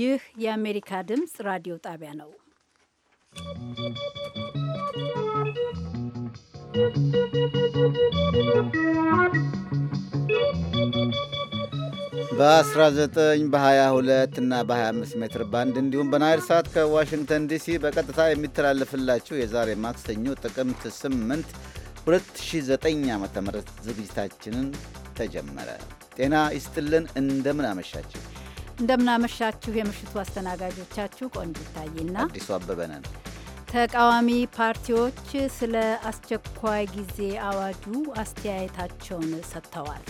ይህ የአሜሪካ ድምፅ ራዲዮ ጣቢያ ነው። በ19 በ22 እና በ25 ሜትር ባንድ እንዲሁም በናይል ሳት ከዋሽንግተን ዲሲ በቀጥታ የሚተላለፍላችሁ የዛሬ ማክሰኞ ጥቅምት 8 2009 ዓ ም ዝግጅታችንን ተጀመረ። ጤና ይስጥልን። እንደምን አመሻችሁ። እንደምናመሻችሁ የምሽቱ አስተናጋጆቻችሁ ቆንጆ ይታይና አዲሱ አበበ ነን። ተቃዋሚ ፓርቲዎች ስለ አስቸኳይ ጊዜ አዋጁ አስተያየታቸውን ሰጥተዋል።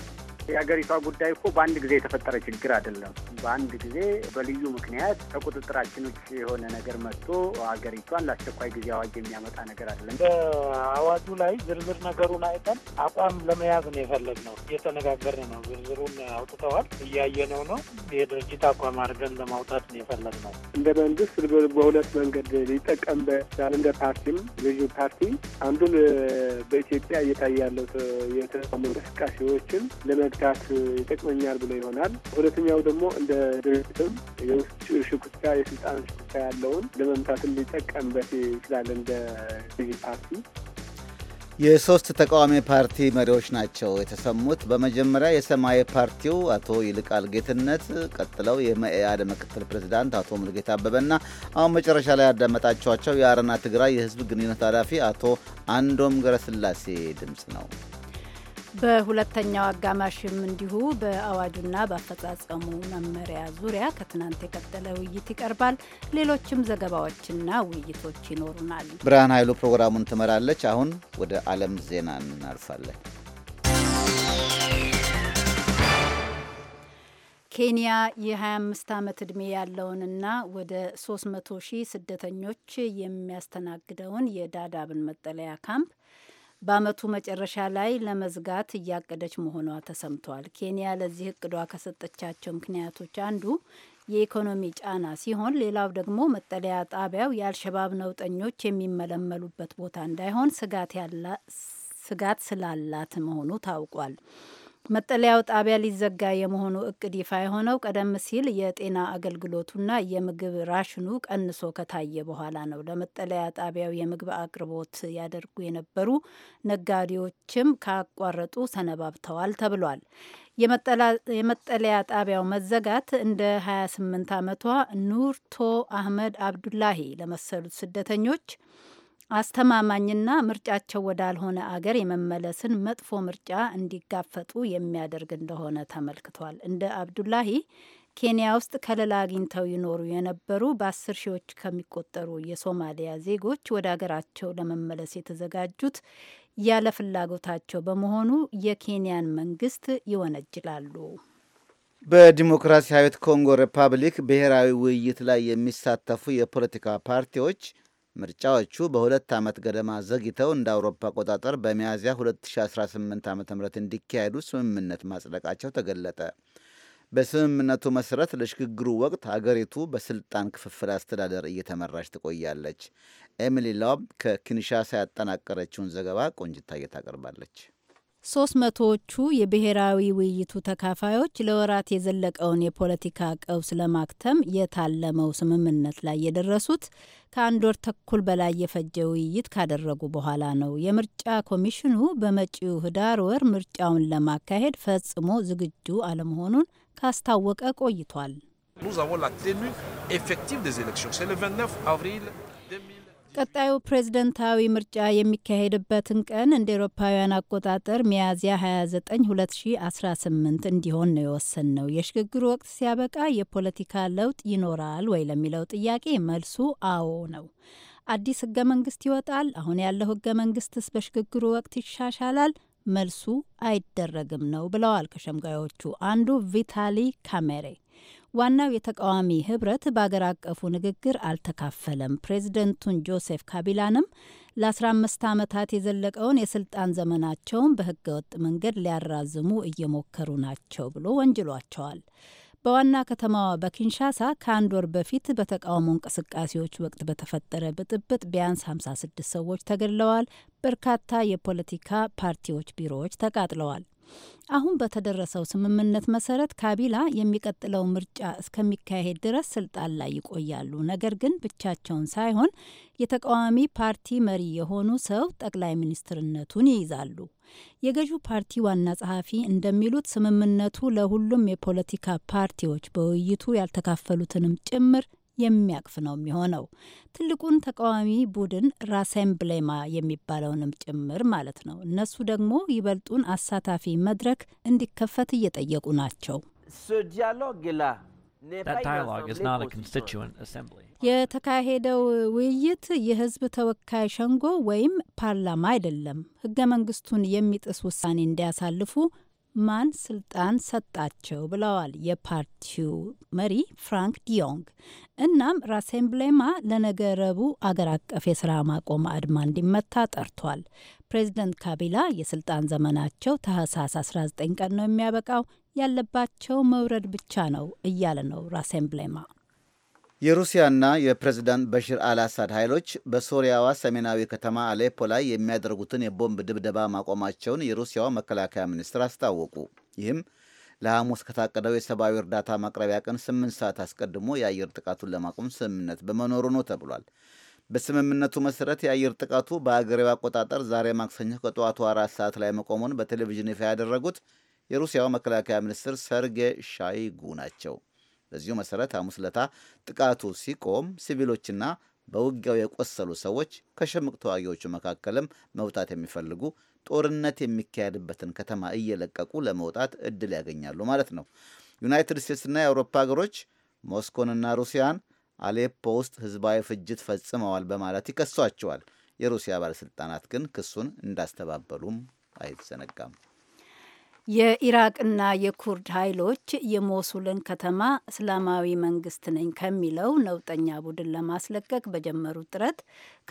የሀገሪቷ ጉዳይ እኮ በአንድ ጊዜ የተፈጠረ ችግር አይደለም። በአንድ ጊዜ በልዩ ምክንያት ከቁጥጥራችን ውጭ የሆነ ነገር መጥቶ ሀገሪቷን ለአስቸኳይ ጊዜ አዋጅ የሚያመጣ ነገር አይደለም። በአዋጁ ላይ ዝርዝር ነገሩን አይተን አቋም ለመያዝ ነው የፈለግነው። እየተነጋገርን ነው። ዝርዝሩን አውጥተዋል፣ እያየነው ነው። የድርጅት አቋም አድርገን ለማውጣት ነው የፈለግነው። እንደ መንግስት በሁለት መንገድ በቻል እንደ ፓርቲም ልዩ ፓርቲ አንዱን በኢትዮጵያ እየታየ ያለው የተቃውሞ እንቅስቃሴዎችን መግታት ይጠቅመኛል ብሎ ይሆናል። ሁለተኛው ደግሞ እንደ ድርጅትም የውስጥ ሽኩቻ፣ የስልጣን ሽኩቻ ያለውን ለመምታት ሊጠቀምበት ይችላል እንደ ገዢ ፓርቲ። የሶስት ተቃዋሚ ፓርቲ መሪዎች ናቸው የተሰሙት። በመጀመሪያ የሰማያዊ ፓርቲው አቶ ይልቃል ጌትነት፣ ቀጥለው የመኢአድ ምክትል ፕሬዚዳንት አቶ ሙልጌታ አበበና አሁን መጨረሻ ላይ ያዳመጣችኋቸው የአረና ትግራይ የህዝብ ግንኙነት ኃላፊ አቶ አንዶም ገረስላሴ ድምፅ ነው። በሁለተኛው አጋማሽም እንዲሁ በአዋጁና በአፈጻጸሙ መመሪያ ዙሪያ ከትናንት የቀጠለ ውይይት ይቀርባል። ሌሎችም ዘገባዎችና ውይይቶች ይኖሩናል። ብርሃን ኃይሉ ፕሮግራሙን ትመራለች። አሁን ወደ ዓለም ዜና እናልፋለን። ኬንያ የ25 ዓመት ዕድሜ ያለውንና ወደ 300 ሺህ ስደተኞች የሚያስተናግደውን የዳዳብን መጠለያ ካምፕ በአመቱ መጨረሻ ላይ ለመዝጋት እያቀደች መሆኗ ተሰምቷል። ኬንያ ለዚህ እቅዷ ከሰጠቻቸው ምክንያቶች አንዱ የኢኮኖሚ ጫና ሲሆን ሌላው ደግሞ መጠለያ ጣቢያው የአልሸባብ ነውጠኞች የሚመለመሉበት ቦታ እንዳይሆን ስጋት ስጋት ስላላት መሆኑ ታውቋል። መጠለያው ጣቢያ ሊዘጋ የመሆኑ እቅድ ይፋ የሆነው ቀደም ሲል የጤና አገልግሎቱና የምግብ ራሽኑ ቀንሶ ከታየ በኋላ ነው። ለመጠለያ ጣቢያው የምግብ አቅርቦት ያደርጉ የነበሩ ነጋዴዎችም ካቋረጡ ሰነባብተዋል ተብሏል። የመጠለያ ጣቢያው መዘጋት እንደ 28 ዓመቷ ኑርቶ አህመድ አብዱላሂ ለመሰሉት ስደተኞች አስተማማኝና ምርጫቸው ወዳልሆነ አገር የመመለስን መጥፎ ምርጫ እንዲጋፈጡ የሚያደርግ እንደሆነ ተመልክቷል። እንደ አብዱላሂ ኬንያ ውስጥ ከለላ አግኝተው ይኖሩ የነበሩ በአስር ሺዎች ከሚቆጠሩ የሶማሊያ ዜጎች ወደ አገራቸው ለመመለስ የተዘጋጁት ያለ ፍላጎታቸው በመሆኑ የኬንያን መንግስት ይወነጅላሉ። በዲሞክራሲያዊት ኮንጎ ሪፐብሊክ ብሔራዊ ውይይት ላይ የሚሳተፉ የፖለቲካ ፓርቲዎች ምርጫዎቹ በሁለት ዓመት ገደማ ዘግይተው እንደ አውሮፓ አቆጣጠር በሚያዝያ 2018 ዓ ም እንዲካሄዱ ስምምነት ማጽደቃቸው ተገለጠ። በስምምነቱ መሠረት ለሽግግሩ ወቅት አገሪቱ በስልጣን ክፍፍል አስተዳደር እየተመራች ትቆያለች። ኤሚሊ ሎብ ከኪንሻሳ ያጠናቀረችውን ዘገባ ቆንጅታዬ ታቀርባለች። ሶስት መቶዎቹ የብሔራዊ ውይይቱ ተካፋዮች ለወራት የዘለቀውን የፖለቲካ ቀውስ ለማክተም የታለመው ስምምነት ላይ የደረሱት ከአንድ ወር ተኩል በላይ የፈጀ ውይይት ካደረጉ በኋላ ነው። የምርጫ ኮሚሽኑ በመጪው ህዳር ወር ምርጫውን ለማካሄድ ፈጽሞ ዝግጁ አለመሆኑን ካስታወቀ ቆይቷል። ቀጣዩ ፕሬዝደንታዊ ምርጫ የሚካሄድበትን ቀን እንደ ኤሮፓውያን አቆጣጠር ሚያዝያ 29 2018 እንዲሆን ነው የወሰን ነው። የሽግግሩ ወቅት ሲያበቃ የፖለቲካ ለውጥ ይኖራል ወይ ለሚለው ጥያቄ መልሱ አዎ ነው። አዲስ ህገ መንግስት ይወጣል። አሁን ያለው ህገ መንግስትስ በሽግግሩ ወቅት ይሻሻላል? መልሱ አይደረግም ነው ብለዋል ከሸምጋዮቹ አንዱ ቪታሊ ካሜሬ። ዋናው የተቃዋሚ ህብረት በአገር አቀፉ ንግግር አልተካፈለም። ፕሬዚደንቱን ጆሴፍ ካቢላንም ለ15 ዓመታት የዘለቀውን የስልጣን ዘመናቸውን በህገወጥ መንገድ ሊያራዝሙ እየሞከሩ ናቸው ብሎ ወንጅሏቸዋል። በዋና ከተማዋ በኪንሻሳ ከአንድ ወር በፊት በተቃውሞ እንቅስቃሴዎች ወቅት በተፈጠረ ብጥብጥ ቢያንስ 56 ሰዎች ተገድለዋል። በርካታ የፖለቲካ ፓርቲዎች ቢሮዎች ተቃጥለዋል። አሁን በተደረሰው ስምምነት መሰረት ካቢላ የሚቀጥለው ምርጫ እስከሚካሄድ ድረስ ስልጣን ላይ ይቆያሉ። ነገር ግን ብቻቸውን ሳይሆን የተቃዋሚ ፓርቲ መሪ የሆኑ ሰው ጠቅላይ ሚኒስትርነቱን ይይዛሉ። የገዢው ፓርቲ ዋና ጸሐፊ እንደሚሉት ስምምነቱ ለሁሉም የፖለቲካ ፓርቲዎች በውይይቱ ያልተካፈሉትንም ጭምር የሚያቅፍ ነው የሚሆነው። ትልቁን ተቃዋሚ ቡድን ራሴምብሌማ የሚባለውንም ጭምር ማለት ነው። እነሱ ደግሞ ይበልጡን አሳታፊ መድረክ እንዲከፈት እየጠየቁ ናቸው። የተካሄደው ውይይት የህዝብ ተወካይ ሸንጎ ወይም ፓርላማ አይደለም። ህገ መንግስቱን የሚጥስ ውሳኔ እንዲያሳልፉ ማን ስልጣን ሰጣቸው ብለዋል የፓርቲው መሪ ፍራንክ ዲዮንግ። እናም ራሴምብሌማ ለነገ ረቡዕ አገር አቀፍ የስራ ማቆም አድማ እንዲመታ ጠርቷል። ፕሬዚደንት ካቢላ የስልጣን ዘመናቸው ታህሳስ 19 ቀን ነው የሚያበቃው፣ ያለባቸው መውረድ ብቻ ነው እያለ ነው ራሴምብሌማ። የሩሲያና የፕሬዝዳንት በሽር አልአሳድ ኃይሎች በሶሪያዋ ሰሜናዊ ከተማ አሌፖ ላይ የሚያደርጉትን የቦምብ ድብደባ ማቆማቸውን የሩሲያዋ መከላከያ ሚኒስትር አስታወቁ። ይህም ለሐሙስ ከታቀደው የሰብአዊ እርዳታ ማቅረቢያ ቀን ስምንት ሰዓት አስቀድሞ የአየር ጥቃቱን ለማቆም ስምምነት በመኖሩ ነው ተብሏል። በስምምነቱ መሰረት የአየር ጥቃቱ በአገሬው አቆጣጠር ዛሬ ማክሰኞ ከጠዋቱ አራት ሰዓት ላይ መቆሙን በቴሌቪዥን ይፋ ያደረጉት የሩሲያው መከላከያ ሚኒስትር ሰርጌ ሻይጉ ናቸው። በዚሁ መሰረት ሐሙስ ለታ ጥቃቱ ሲቆም ሲቪሎችና በውጊያው የቆሰሉ ሰዎች ከሽምቅ ተዋጊዎቹ መካከልም መውጣት የሚፈልጉ ጦርነት የሚካሄድበትን ከተማ እየለቀቁ ለመውጣት እድል ያገኛሉ ማለት ነው። ዩናይትድ ስቴትስና የአውሮፓ ሀገሮች ሞስኮንና ሩሲያን አሌፖ ውስጥ ህዝባዊ ፍጅት ፈጽመዋል በማለት ይከሷቸዋል። የሩሲያ ባለሥልጣናት ግን ክሱን እንዳስተባበሉም አይዘነጋም። የኢራቅና የኩርድ ኃይሎች የሞሱልን ከተማ እስላማዊ መንግስት ነኝ ከሚለው ነውጠኛ ቡድን ለማስለቀቅ በጀመሩት ጥረት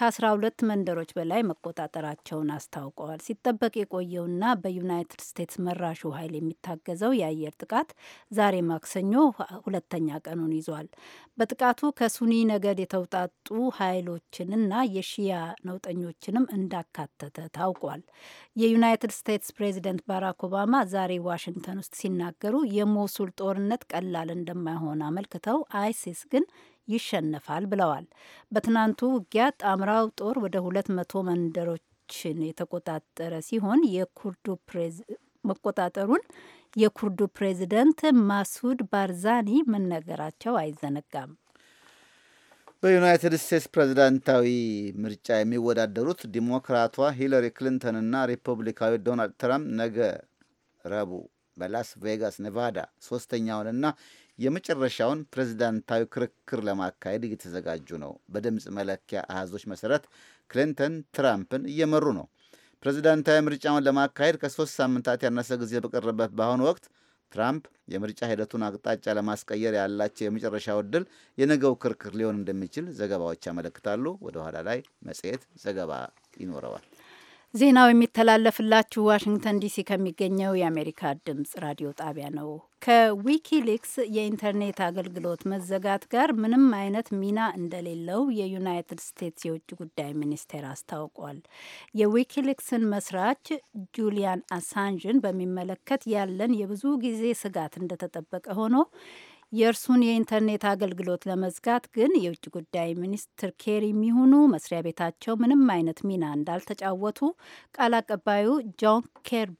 ከ12 መንደሮች በላይ መቆጣጠራቸውን አስታውቀዋል። ሲጠበቅ የቆየውና በዩናይትድ ስቴትስ መራሹ ኃይል የሚታገዘው የአየር ጥቃት ዛሬ ማክሰኞ ሁለተኛ ቀኑን ይዟል። በጥቃቱ ከሱኒ ነገድ የተውጣጡ ኃይሎችንና የሺያ ነውጠኞችንም እንዳካተተ ታውቋል። የዩናይትድ ስቴትስ ፕሬዚደንት ባራክ ኦባማ ዛሬ ዋሽንግተን ውስጥ ሲናገሩ የሞሱል ጦርነት ቀላል እንደማይሆን አመልክተው አይሲስ ግን ይሸነፋል ብለዋል። በትናንቱ ውጊያ ጣምራው ጦር ወደ ሁለት መቶ መንደሮችን የተቆጣጠረ ሲሆን የኩርዱ መቆጣጠሩን የኩርዱ ፕሬዚደንት ማሱድ ባርዛኒ መነገራቸው አይዘነጋም። በዩናይትድ ስቴትስ ፕሬዝዳንታዊ ምርጫ የሚወዳደሩት ዲሞክራቷ ሂለሪ ክሊንተንና ሪፐብሊካዊ ዶናልድ ትራምፕ ነገ ረቡዕ በላስ ቬጋስ ኔቫዳ ሶስተኛውንና የመጨረሻውን ፕሬዝዳንታዊ ክርክር ለማካሄድ እየተዘጋጁ ነው። በድምፅ መለኪያ አሃዞች መሰረት ክሊንተን ትራምፕን እየመሩ ነው። ፕሬዝዳንታዊ ምርጫውን ለማካሄድ ከሶስት ሳምንታት ያነሰ ጊዜ በቀረበት በአሁኑ ወቅት ትራምፕ የምርጫ ሂደቱን አቅጣጫ ለማስቀየር ያላቸው የመጨረሻው እድል የነገው ክርክር ሊሆን እንደሚችል ዘገባዎች ያመለክታሉ። ወደ ኋላ ላይ መጽሔት ዘገባ ይኖረዋል። ዜናው የሚተላለፍላችሁ ዋሽንግተን ዲሲ ከሚገኘው የአሜሪካ ድምጽ ራዲዮ ጣቢያ ነው። ከዊኪሊክስ የኢንተርኔት አገልግሎት መዘጋት ጋር ምንም አይነት ሚና እንደሌለው የዩናይትድ ስቴትስ የውጭ ጉዳይ ሚኒስቴር አስታውቋል። የዊኪሊክስን መስራች ጁሊያን አሳንጅን በሚመለከት ያለን የብዙ ጊዜ ስጋት እንደተጠበቀ ሆኖ የእርሱን የኢንተርኔት አገልግሎት ለመዝጋት ግን የውጭ ጉዳይ ሚኒስትር ኬሪ የሚሆኑ መስሪያ ቤታቸው ምንም አይነት ሚና እንዳልተጫወቱ ቃል አቀባዩ ጆን ኬርቢ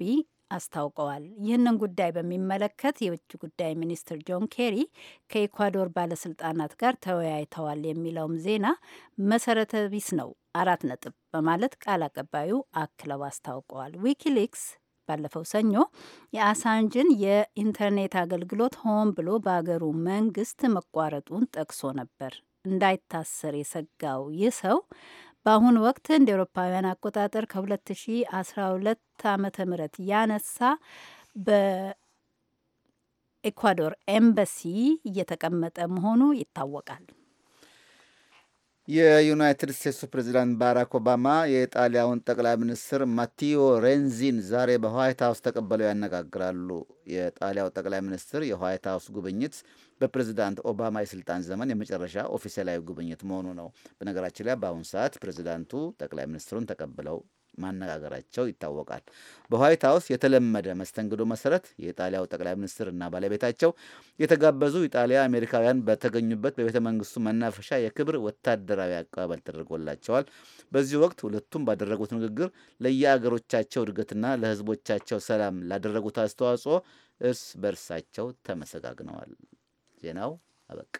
አስታውቀዋል። ይህንን ጉዳይ በሚመለከት የውጭ ጉዳይ ሚኒስትር ጆን ኬሪ ከኢኳዶር ባለስልጣናት ጋር ተወያይተዋል የሚለውም ዜና መሰረተ ቢስ ነው አራት ነጥብ በማለት ቃል አቀባዩ አክለው አስታውቀዋል። ዊኪሊክስ ባለፈው ሰኞ የአሳንጅን የኢንተርኔት አገልግሎት ሆን ብሎ በአገሩ መንግስት መቋረጡን ጠቅሶ ነበር። እንዳይታሰር የሰጋው ይህ ሰው በአሁኑ ወቅት እንደ ኤሮፓውያን አቆጣጠር ከ2012 ዓ ም ያነሳ በኤኳዶር ኤምባሲ እየተቀመጠ መሆኑ ይታወቃል። የዩናይትድ ስቴትሱ ፕሬዚዳንት ባራክ ኦባማ የኢጣሊያውን ጠቅላይ ሚኒስትር ማቲዮ ሬንዚን ዛሬ በዋይት ሀውስ ተቀበለው ያነጋግራሉ። የጣሊያው ጠቅላይ ሚኒስትር የዋይት ሀውስ ጉብኝት በፕሬዚዳንት ኦባማ የስልጣን ዘመን የመጨረሻ ኦፊሴላዊ ጉብኝት መሆኑ ነው። በነገራችን ላይ በአሁኑ ሰዓት ፕሬዚዳንቱ ጠቅላይ ሚኒስትሩን ተቀብለው ማነጋገራቸው ይታወቃል። በዋይት ሀውስ የተለመደ መስተንግዶ መሰረት የኢጣሊያው ጠቅላይ ሚኒስትር እና ባለቤታቸው የተጋበዙ ኢጣሊያ አሜሪካውያን በተገኙበት በቤተ መንግስቱ መናፈሻ የክብር ወታደራዊ አቀባበል ተደርጎላቸዋል። በዚህ ወቅት ሁለቱም ባደረጉት ንግግር ለየአገሮቻቸው እድገትና ለህዝቦቻቸው ሰላም ላደረጉት አስተዋጽኦ እርስ በእርሳቸው ተመሰጋግነዋል። ዜናው አበቃ።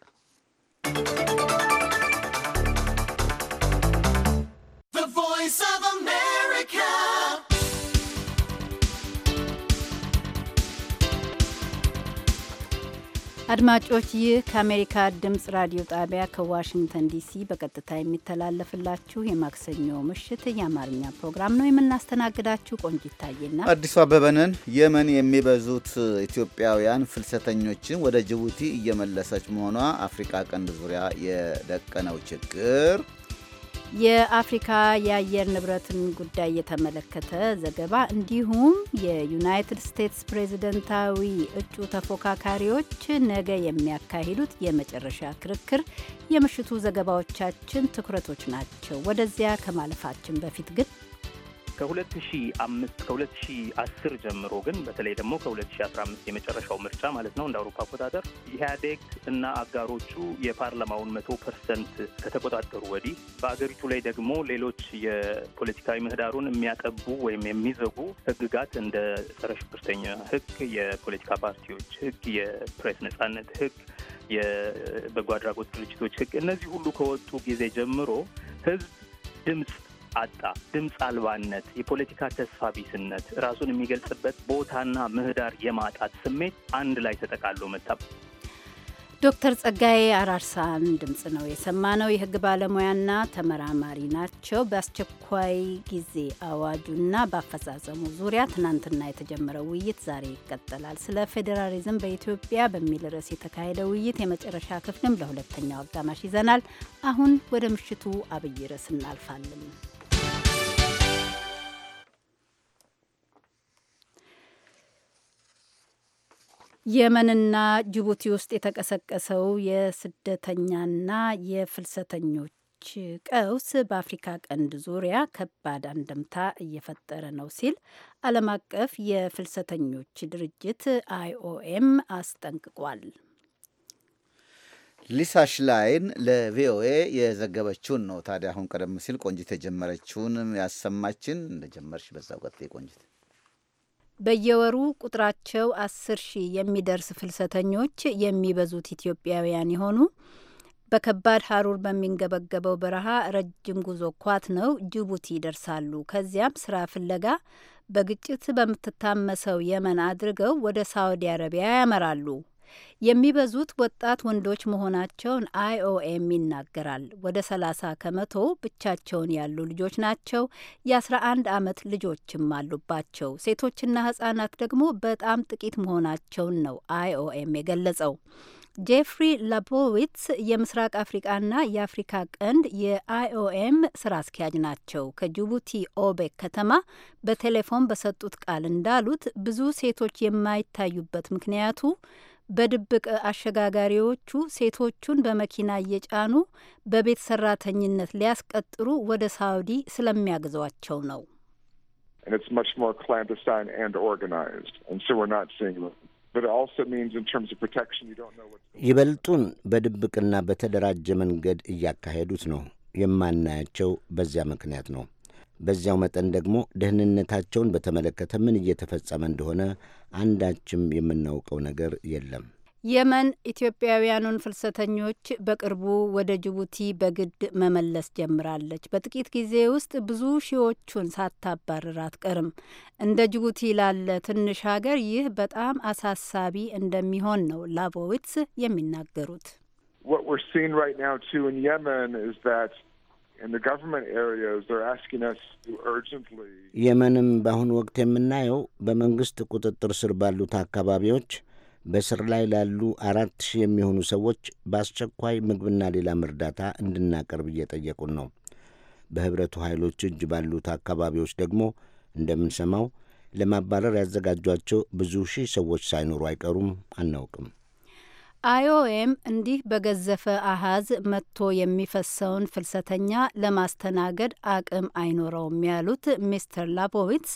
አድማጮች ይህ ከአሜሪካ ድምፅ ራዲዮ ጣቢያ ከዋሽንግተን ዲሲ በቀጥታ የሚተላለፍላችሁ የማክሰኞ ምሽት የአማርኛ ፕሮግራም ነው። የምናስተናግዳችሁ ቆንጂት ታዬና አዲሱ አበበንን። የመን የሚበዙት ኢትዮጵያውያን ፍልሰተኞችን ወደ ጅቡቲ እየመለሰች መሆኗ አፍሪካ ቀንድ ዙሪያ የደቀነው ችግር የአፍሪካ የአየር ንብረትን ጉዳይ የተመለከተ ዘገባ እንዲሁም የዩናይትድ ስቴትስ ፕሬዝደንታዊ እጩ ተፎካካሪዎች ነገ የሚያካሂዱት የመጨረሻ ክርክር የምሽቱ ዘገባዎቻችን ትኩረቶች ናቸው። ወደዚያ ከማለፋችን በፊት ግን ከ2005 ከ2010 ጀምሮ ግን በተለይ ደግሞ ከ2015 የመጨረሻው ምርጫ ማለት ነው እንደ አውሮፓ አቆጣጠር ኢህአዴግ እና አጋሮቹ የፓርላማውን መቶ ፐርሰንት ከተቆጣጠሩ ወዲህ በአገሪቱ ላይ ደግሞ ሌሎች የፖለቲካዊ ምህዳሩን የሚያጠቡ ወይም የሚዘጉ ህግጋት እንደ ጸረ ሽብርተኛ ህግ፣ የፖለቲካ ፓርቲዎች ህግ፣ የፕሬስ ነጻነት ህግ የበጎ አድራጎት ድርጅቶች ህግ እነዚህ ሁሉ ከወጡ ጊዜ ጀምሮ ህዝብ ድምፅ አጣ። ድምፅ አልባነት፣ የፖለቲካ ተስፋ ቢስነት፣ ራሱን የሚገልጽበት ቦታና ምህዳር የማጣት ስሜት አንድ ላይ ተጠቃሎ መጣ። ዶክተር ጸጋዬ አራርሳን ድምፅ ነው ነው። የህግ ባለሙያና ተመራማሪ ናቸው። በአስቸኳይ ጊዜ አዋጁና በአፈጻጸሙ ዙሪያ ትናንትና የተጀመረው ውይይት ዛሬ ይቀጥላል። ስለ ፌዴራሊዝም በኢትዮጵያ በሚል ርዕስ የተካሄደ ውይይት የመጨረሻ ክፍልም ለሁለተኛው አጋማሽ ይዘናል። አሁን ወደ ምሽቱ አብይ ርዕስ እናልፋለን። የመንና ጅቡቲ ውስጥ የተቀሰቀሰው የስደተኛና የፍልሰተኞች ቀውስ በአፍሪካ ቀንድ ዙሪያ ከባድ አንድምታ እየፈጠረ ነው ሲል ዓለም አቀፍ የፍልሰተኞች ድርጅት አይኦኤም አስጠንቅቋል። ሊሳ ሽላይን ለቪኦኤ የዘገበችውን ነው። ታዲያ አሁን ቀደም ሲል ቆንጂት የጀመረችውን ያሰማችን። እንደጀመርሽ በዛው ቆንጅት በየወሩ ቁጥራቸው አስር ሺህ የሚደርስ ፍልሰተኞች የሚበዙት ኢትዮጵያውያን የሆኑ በከባድ ሀሩር በሚንገበገበው በረሃ ረጅም ጉዞ ኳት ነው ጅቡቲ ይደርሳሉ። ከዚያም ስራ ፍለጋ በግጭት በምትታመሰው የመን አድርገው ወደ ሳውዲ አረቢያ ያመራሉ። የሚበዙት ወጣት ወንዶች መሆናቸውን አይኦኤም ይናገራል። ወደ 30 ከመቶ ብቻቸውን ያሉ ልጆች ናቸው። የ11 ዓመት ልጆችም አሉባቸው። ሴቶችና ህጻናት ደግሞ በጣም ጥቂት መሆናቸውን ነው አይኦኤም የገለጸው። ጄፍሪ ላቦዊትስ የምስራቅ አፍሪቃና የአፍሪካ ቀንድ የአይኦኤም ስራ አስኪያጅ ናቸው። ከጅቡቲ ኦቤክ ከተማ በቴሌፎን በሰጡት ቃል እንዳሉት ብዙ ሴቶች የማይታዩበት ምክንያቱ በድብቅ አሸጋጋሪዎቹ ሴቶቹን በመኪና እየጫኑ በቤት ሰራተኝነት ሊያስቀጥሩ ወደ ሳውዲ ስለሚያግዟቸው ነው። ይበልጡን በድብቅና በተደራጀ መንገድ እያካሄዱት ነው። የማናያቸው በዚያ ምክንያት ነው። በዚያው መጠን ደግሞ ደህንነታቸውን በተመለከተ ምን እየተፈጸመ እንደሆነ አንዳችም የምናውቀው ነገር የለም። የመን ኢትዮጵያውያኑን ፍልሰተኞች በቅርቡ ወደ ጅቡቲ በግድ መመለስ ጀምራለች። በጥቂት ጊዜ ውስጥ ብዙ ሺዎቹን ሳታባርር አትቀርም። እንደ ጅቡቲ ላለ ትንሽ ሀገር ይህ በጣም አሳሳቢ እንደሚሆን ነው ላቮዊትስ የሚናገሩት። የመንም በአሁኑ ወቅት የምናየው በመንግሥት ቁጥጥር ስር ባሉት አካባቢዎች በስር ላይ ላሉ አራት ሺህ የሚሆኑ ሰዎች በአስቸኳይ ምግብና ሌላም እርዳታ እንድናቀርብ እየጠየቁን ነው። በኅብረቱ ኃይሎች እጅ ባሉት አካባቢዎች ደግሞ እንደምንሰማው ለማባረር ያዘጋጇቸው ብዙ ሺህ ሰዎች ሳይኖሩ አይቀሩም። አናውቅም። አይኦኤም እንዲህ በገዘፈ አሃዝ መጥቶ የሚፈሰውን ፍልሰተኛ ለማስተናገድ አቅም አይኖረውም ያሉት ሚስተር ላቦዊትስ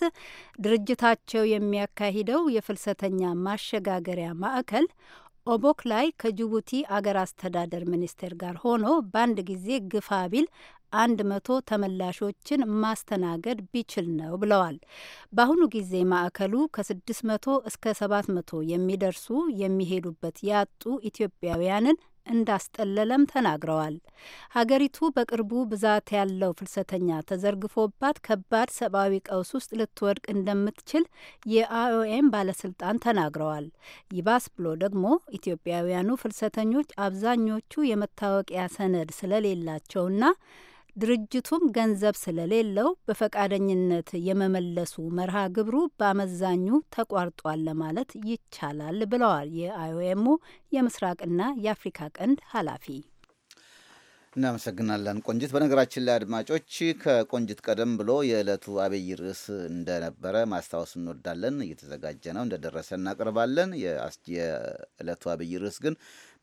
ድርጅታቸው የሚያካሂደው የፍልሰተኛ ማሸጋገሪያ ማዕከል ኦቦክ ላይ ከጅቡቲ አገር አስተዳደር ሚኒስቴር ጋር ሆኖ በአንድ ጊዜ ግፋ ቢል አንድ መቶ ተመላሾችን ማስተናገድ ቢችል ነው ብለዋል። በአሁኑ ጊዜ ማዕከሉ ከ መቶ እስከ ሰባት መቶ የሚደርሱ የሚሄዱበት ያጡ ኢትዮጵያውያንን እንዳስጠለለም ተናግረዋል። ሀገሪቱ በቅርቡ ብዛት ያለው ፍልሰተኛ ተዘርግፎባት ከባድ ሰብአዊ ቀውስ ውስጥ ልትወድቅ እንደምትችል የአይኦኤም ባለስልጣን ተናግረዋል። ይባስ ብሎ ደግሞ ኢትዮጵያውያኑ ፍልሰተኞች አብዛኞቹ የመታወቂያ ሰነድ ስለሌላቸውና ድርጅቱም ገንዘብ ስለሌለው በፈቃደኝነት የመመለሱ መርሃ ግብሩ በአመዛኙ ተቋርጧል ለማለት ይቻላል ብለዋል የአይኦኤሙ የምስራቅና የአፍሪካ ቀንድ ኃላፊ። እናመሰግናለን ቆንጅት። በነገራችን ላይ አድማጮች ከቆንጅት ቀደም ብሎ የዕለቱ አብይ ርዕስ እንደነበረ ማስታወስ እንወዳለን። እየተዘጋጀ ነው፣ እንደደረሰ እናቀርባለን። የዕለቱ አብይ ርዕስ ግን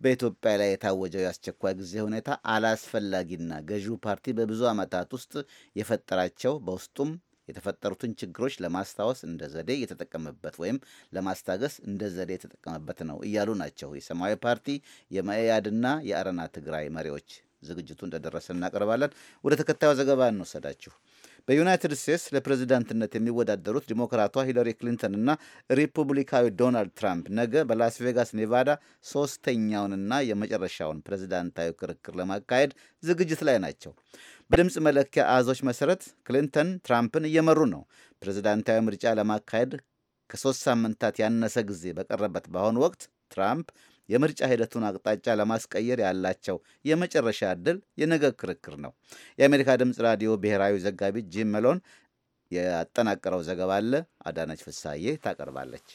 በኢትዮጵያ ላይ የታወጀው የአስቸኳይ ጊዜ ሁኔታ አላስፈላጊና ገዢው ፓርቲ በብዙ ዓመታት ውስጥ የፈጠራቸው በውስጡም የተፈጠሩትን ችግሮች ለማስታወስ እንደ ዘዴ የተጠቀመበት ወይም ለማስታገስ እንደ ዘዴ የተጠቀመበት ነው እያሉ ናቸው የሰማያዊ ፓርቲ የመኢአድና የአረና ትግራይ መሪዎች። ዝግጅቱ እንደደረሰ እናቀርባለን። ወደ ተከታዩ ዘገባ እንወሰዳችሁ። በዩናይትድ ስቴትስ ለፕሬዚዳንትነት የሚወዳደሩት ዲሞክራቷ ሂለሪ ክሊንተን እና ሪፑብሊካዊ ዶናልድ ትራምፕ ነገ በላስ ቬጋስ ኔቫዳ ሶስተኛውንና የመጨረሻውን ፕሬዚዳንታዊ ክርክር ለማካሄድ ዝግጅት ላይ ናቸው። በድምፅ መለኪያ አዞች መሰረት ክሊንተን ትራምፕን እየመሩ ነው። ፕሬዚዳንታዊ ምርጫ ለማካሄድ ከሶስት ሳምንታት ያነሰ ጊዜ በቀረበት በአሁኑ ወቅት ትራምፕ የምርጫ ሂደቱን አቅጣጫ ለማስቀየር ያላቸው የመጨረሻ ዕድል የነገ ክርክር ነው። የአሜሪካ ድምፅ ራዲዮ ብሔራዊ ዘጋቢ ጂም መሎን ያጠናቀረው ዘገባ አለ። አዳነች ፍሳዬ ታቀርባለች።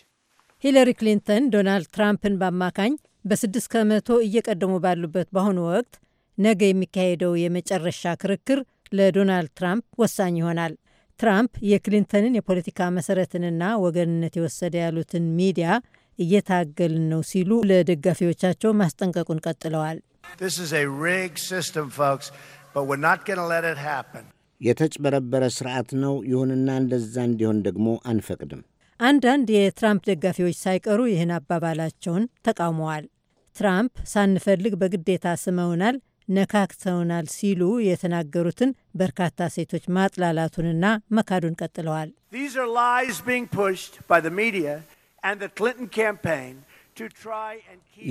ሂለሪ ክሊንተን ዶናልድ ትራምፕን በአማካኝ በስድስት ከመቶ እየቀደሙ ባሉበት በአሁኑ ወቅት ነገ የሚካሄደው የመጨረሻ ክርክር ለዶናልድ ትራምፕ ወሳኝ ይሆናል። ትራምፕ የክሊንተንን የፖለቲካ መሰረትንና ወገንነት የወሰደ ያሉትን ሚዲያ እየታገልን ነው ሲሉ ለደጋፊዎቻቸው ማስጠንቀቁን ቀጥለዋል። የተጭበረበረ ስርዓት ነው። ይሁንና እንደዛ እንዲሆን ደግሞ አንፈቅድም። አንዳንድ የትራምፕ ደጋፊዎች ሳይቀሩ ይህን አባባላቸውን ተቃውመዋል። ትራምፕ ሳንፈልግ በግዴታ ስመውናል፣ ነካክተውናል ሲሉ የተናገሩትን በርካታ ሴቶች ማጥላላቱንና መካዱን ቀጥለዋል።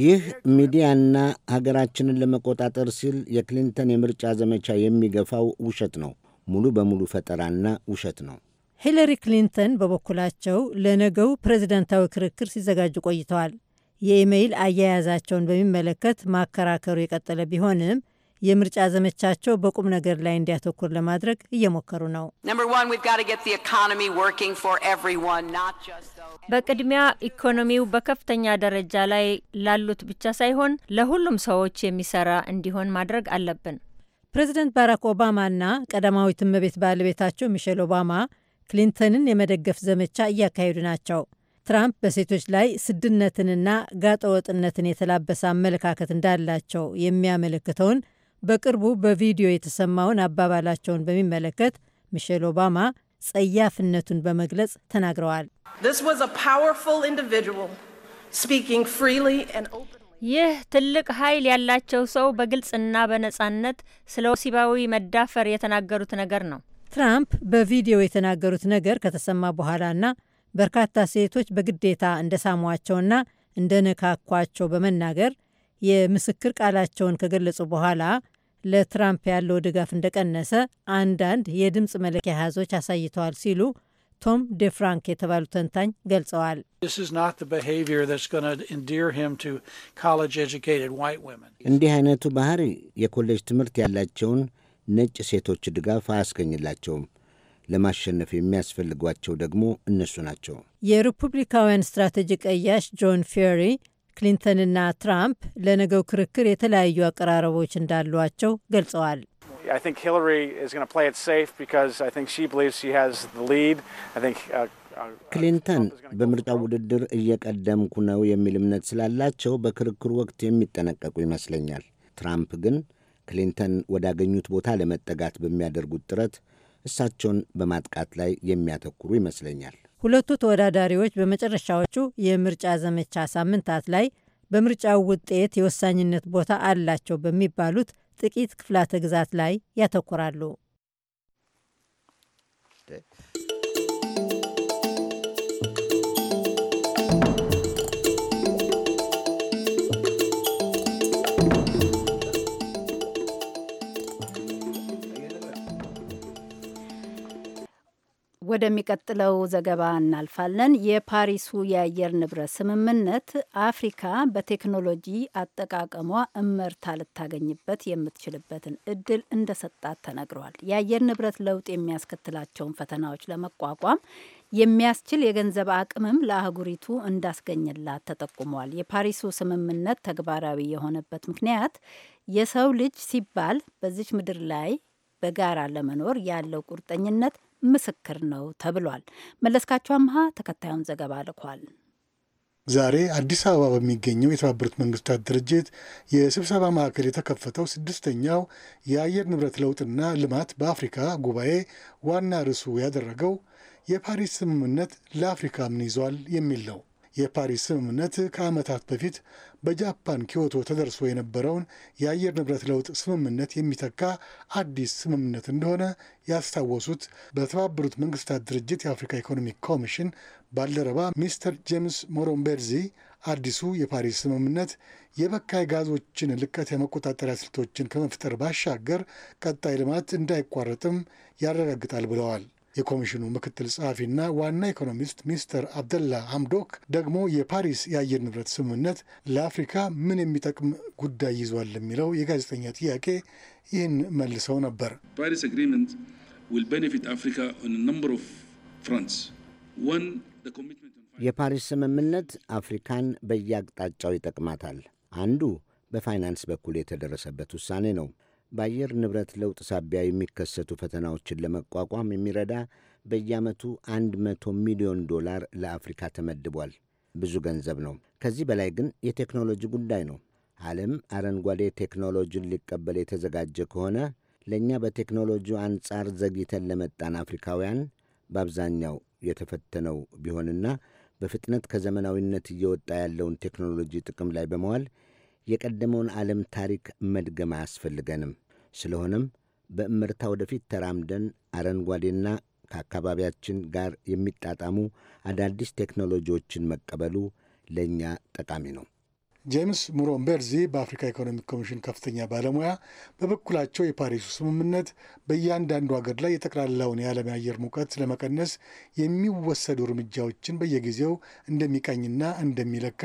ይህ ሚዲያና ሀገራችንን ለመቆጣጠር ሲል የክሊንተን የምርጫ ዘመቻ የሚገፋው ውሸት ነው። ሙሉ በሙሉ ፈጠራና ውሸት ነው። ሂለሪ ክሊንተን በበኩላቸው ለነገው ፕሬዚደንታዊ ክርክር ሲዘጋጁ ቆይተዋል። የኢሜይል አያያዛቸውን በሚመለከት ማከራከሩ የቀጠለ ቢሆንም የምርጫ ዘመቻቸው በቁም ነገር ላይ እንዲያተኩር ለማድረግ እየሞከሩ ነው። በቅድሚያ ኢኮኖሚው በከፍተኛ ደረጃ ላይ ላሉት ብቻ ሳይሆን ለሁሉም ሰዎች የሚሰራ እንዲሆን ማድረግ አለብን። ፕሬዚደንት ባራክ ኦባማና ቀዳማዊት እመቤት ባለቤታቸው ሚሼል ኦባማ ክሊንተንን የመደገፍ ዘመቻ እያካሄዱ ናቸው። ትራምፕ በሴቶች ላይ ስድነትንና ጋጠወጥነትን የተላበሰ አመለካከት እንዳላቸው የሚያመለክተውን በቅርቡ በቪዲዮ የተሰማውን አባባላቸውን በሚመለከት ሚሼል ኦባማ ጸያፍነቱን በመግለጽ ተናግረዋል። ይህ ትልቅ ኃይል ያላቸው ሰው በግልጽና በነጻነት ስለ ወሲባዊ መዳፈር የተናገሩት ነገር ነው። ትራምፕ በቪዲዮ የተናገሩት ነገር ከተሰማ በኋላና በርካታ ሴቶች በግዴታ እንደሳሟቸውና እንደነካኳቸው በመናገር የምስክር ቃላቸውን ከገለጹ በኋላ ለትራምፕ ያለው ድጋፍ እንደቀነሰ አንዳንድ የድምፅ መለኪያ አሃዞች አሳይተዋል ሲሉ ቶም ዴፍራንክ የተባሉ ተንታኝ ገልጸዋል። እንዲህ አይነቱ ባህሪ የኮሌጅ ትምህርት ያላቸውን ነጭ ሴቶች ድጋፍ አያስገኝላቸውም። ለማሸነፍ የሚያስፈልጓቸው ደግሞ እነሱ ናቸው። የሪፑብሊካውያን ስትራቴጂ ቀያሽ ጆን ፌሪ ክሊንተንና ትራምፕ ለነገው ክርክር የተለያዩ አቀራረቦች እንዳሏቸው ገልጸዋል። uh, uh, ክሊንተን በምርጫው ውድድር እየቀደምኩ ነው የሚል እምነት ስላላቸው በክርክሩ ወቅት የሚጠነቀቁ ይመስለኛል። ትራምፕ ግን ክሊንተን ወዳገኙት ቦታ ለመጠጋት በሚያደርጉት ጥረት እሳቸውን በማጥቃት ላይ የሚያተኩሩ ይመስለኛል። ሁለቱ ተወዳዳሪዎች በመጨረሻዎቹ የምርጫ ዘመቻ ሳምንታት ላይ በምርጫው ውጤት የወሳኝነት ቦታ አላቸው በሚባሉት ጥቂት ክፍላተ ግዛት ላይ ያተኩራሉ። ወደሚቀጥለው ዘገባ እናልፋለን። የፓሪሱ የአየር ንብረት ስምምነት አፍሪካ በቴክኖሎጂ አጠቃቀሟ እመርታ ልታገኝበት የምትችልበትን እድል እንደሰጣት ተነግሯል። የአየር ንብረት ለውጥ የሚያስከትላቸውን ፈተናዎች ለመቋቋም የሚያስችል የገንዘብ አቅምም ለአህጉሪቱ እንዳስገኝላት ተጠቁሟል። የፓሪሱ ስምምነት ተግባራዊ የሆነበት ምክንያት የሰው ልጅ ሲባል በዚች ምድር ላይ በጋራ ለመኖር ያለው ቁርጠኝነት ምስክር ነው ተብሏል። መለስካቸው አምሃ ተከታዩን ዘገባ ልኳል። ዛሬ አዲስ አበባ በሚገኘው የተባበሩት መንግስታት ድርጅት የስብሰባ ማዕከል የተከፈተው ስድስተኛው የአየር ንብረት ለውጥና ልማት በአፍሪካ ጉባኤ ዋና ርዕሱ ያደረገው የፓሪስ ስምምነት ለአፍሪካ ምን ይዟል የሚል ነው። የፓሪስ ስምምነት ከዓመታት በፊት በጃፓን ኪዮቶ ተደርሶ የነበረውን የአየር ንብረት ለውጥ ስምምነት የሚተካ አዲስ ስምምነት እንደሆነ ያስታወሱት በተባበሩት መንግስታት ድርጅት የአፍሪካ ኢኮኖሚክ ኮሚሽን ባልደረባ ሚስተር ጄምስ ሞሮምቤርዚ አዲሱ የፓሪስ ስምምነት የበካይ ጋዞችን ልቀት የመቆጣጠሪያ ስልቶችን ከመፍጠር ባሻገር ቀጣይ ልማት እንዳይቋረጥም ያረጋግጣል ብለዋል። የኮሚሽኑ ምክትል ጸሐፊና ዋና ኢኮኖሚስት ሚስተር አብደላ አምዶክ ደግሞ የፓሪስ የአየር ንብረት ስምምነት ለአፍሪካ ምን የሚጠቅም ጉዳይ ይዟል የሚለው የጋዜጠኛ ጥያቄ ይህን መልሰው ነበር። የፓሪስ ስምምነት አፍሪካን በየአቅጣጫው ይጠቅማታል። አንዱ በፋይናንስ በኩል የተደረሰበት ውሳኔ ነው። በአየር ንብረት ለውጥ ሳቢያ የሚከሰቱ ፈተናዎችን ለመቋቋም የሚረዳ በየዓመቱ 100 ሚሊዮን ዶላር ለአፍሪካ ተመድቧል። ብዙ ገንዘብ ነው። ከዚህ በላይ ግን የቴክኖሎጂ ጉዳይ ነው። ዓለም አረንጓዴ ቴክኖሎጂን ሊቀበል የተዘጋጀ ከሆነ ለእኛ በቴክኖሎጂው አንጻር ዘግይተን ለመጣን አፍሪካውያን በአብዛኛው የተፈተነው ቢሆንና በፍጥነት ከዘመናዊነት እየወጣ ያለውን ቴክኖሎጂ ጥቅም ላይ በመዋል የቀደመውን ዓለም ታሪክ መድገም አያስፈልገንም። ስለሆነም በእምርታ ወደፊት ተራምደን አረንጓዴና ከአካባቢያችን ጋር የሚጣጣሙ አዳዲስ ቴክኖሎጂዎችን መቀበሉ ለእኛ ጠቃሚ ነው። ጄምስ ሙሮምበርዚ በአፍሪካ ኢኮኖሚክ ኮሚሽን ከፍተኛ ባለሙያ በበኩላቸው የፓሪሱ ስምምነት በእያንዳንዱ ሀገር ላይ የጠቅላላውን የዓለም የአየር ሙቀት ለመቀነስ የሚወሰዱ እርምጃዎችን በየጊዜው እንደሚቃኝና እንደሚለካ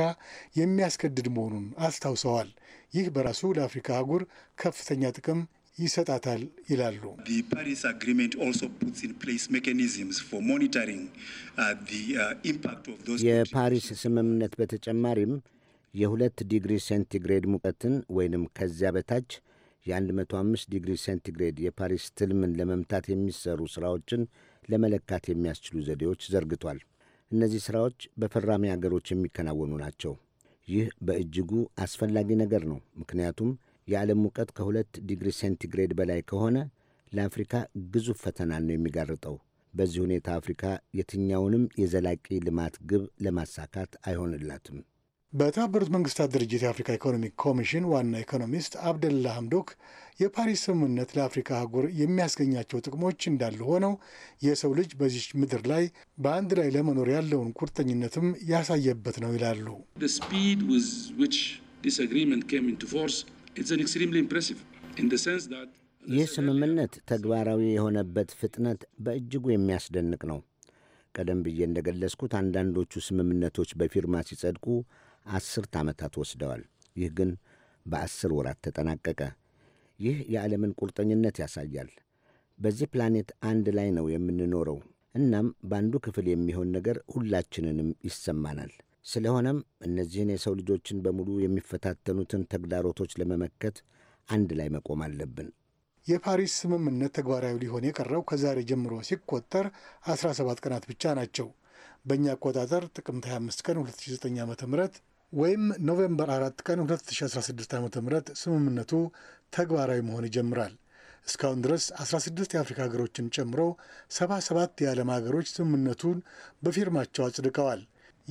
የሚያስገድድ መሆኑን አስታውሰዋል። ይህ በራሱ ለአፍሪካ አህጉር ከፍተኛ ጥቅም ይሰጣታል ይላሉ። uh, uh, የፓሪስ ስምምነት በተጨማሪም የሁለት ዲግሪ ሴንቲግሬድ ሙቀትን ወይንም ከዚያ በታች የ105 ዲግሪ ሴንቲግሬድ የፓሪስ ትልምን ለመምታት የሚሰሩ ሥራዎችን ለመለካት የሚያስችሉ ዘዴዎች ዘርግቷል። እነዚህ ሥራዎች በፈራሚ አገሮች የሚከናወኑ ናቸው። ይህ በእጅጉ አስፈላጊ ነገር ነው። ምክንያቱም የዓለም ሙቀት ከሁለት ዲግሪ ሴንቲግሬድ በላይ ከሆነ ለአፍሪካ ግዙፍ ፈተናን ነው የሚጋርጠው። በዚህ ሁኔታ አፍሪካ የትኛውንም የዘላቂ ልማት ግብ ለማሳካት አይሆንላትም። በተባበሩት መንግስታት ድርጅት የአፍሪካ ኢኮኖሚክ ኮሚሽን ዋና ኢኮኖሚስት አብደላ ሀምዶክ የፓሪስ ስምምነት ለአፍሪካ አህጉር የሚያስገኛቸው ጥቅሞች እንዳሉ ሆነው የሰው ልጅ በዚች ምድር ላይ በአንድ ላይ ለመኖር ያለውን ቁርጠኝነትም ያሳየበት ነው ይላሉ። ይህ ስምምነት ተግባራዊ የሆነበት ፍጥነት በእጅጉ የሚያስደንቅ ነው። ቀደም ብዬ እንደገለጽኩት አንዳንዶቹ ስምምነቶች በፊርማ ሲጸድቁ አስርት ዓመታት ወስደዋል። ይህ ግን በአስር ወራት ተጠናቀቀ። ይህ የዓለምን ቁርጠኝነት ያሳያል። በዚህ ፕላኔት አንድ ላይ ነው የምንኖረው። እናም በአንዱ ክፍል የሚሆን ነገር ሁላችንንም ይሰማናል። ስለሆነም እነዚህን የሰው ልጆችን በሙሉ የሚፈታተኑትን ተግዳሮቶች ለመመከት አንድ ላይ መቆም አለብን። የፓሪስ ስምምነት ተግባራዊ ሊሆን የቀረው ከዛሬ ጀምሮ ሲቆጠር 17 ቀናት ብቻ ናቸው። በእኛ አቆጣጠር ጥቅምት 25 ቀን 2009 ዓ.ም ወይም ኖቬምበር 4 ቀን 2016 ዓ ም ስምምነቱ ተግባራዊ መሆን ይጀምራል። እስካሁን ድረስ 16 የአፍሪካ ሀገሮችን ጨምሮ 77 የዓለም ሀገሮች ስምምነቱን በፊርማቸው አጽድቀዋል።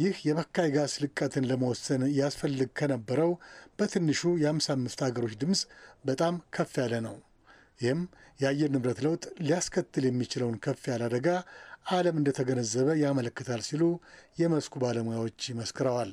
ይህ የበካይ ጋስ ልቀትን ለመወሰን ያስፈልግ ከነበረው በትንሹ የ55 ሀገሮች ድምፅ በጣም ከፍ ያለ ነው። ይህም የአየር ንብረት ለውጥ ሊያስከትል የሚችለውን ከፍ ያለ አደጋ ዓለም እንደተገነዘበ ያመለክታል ሲሉ የመስኩ ባለሙያዎች ይመስክረዋል።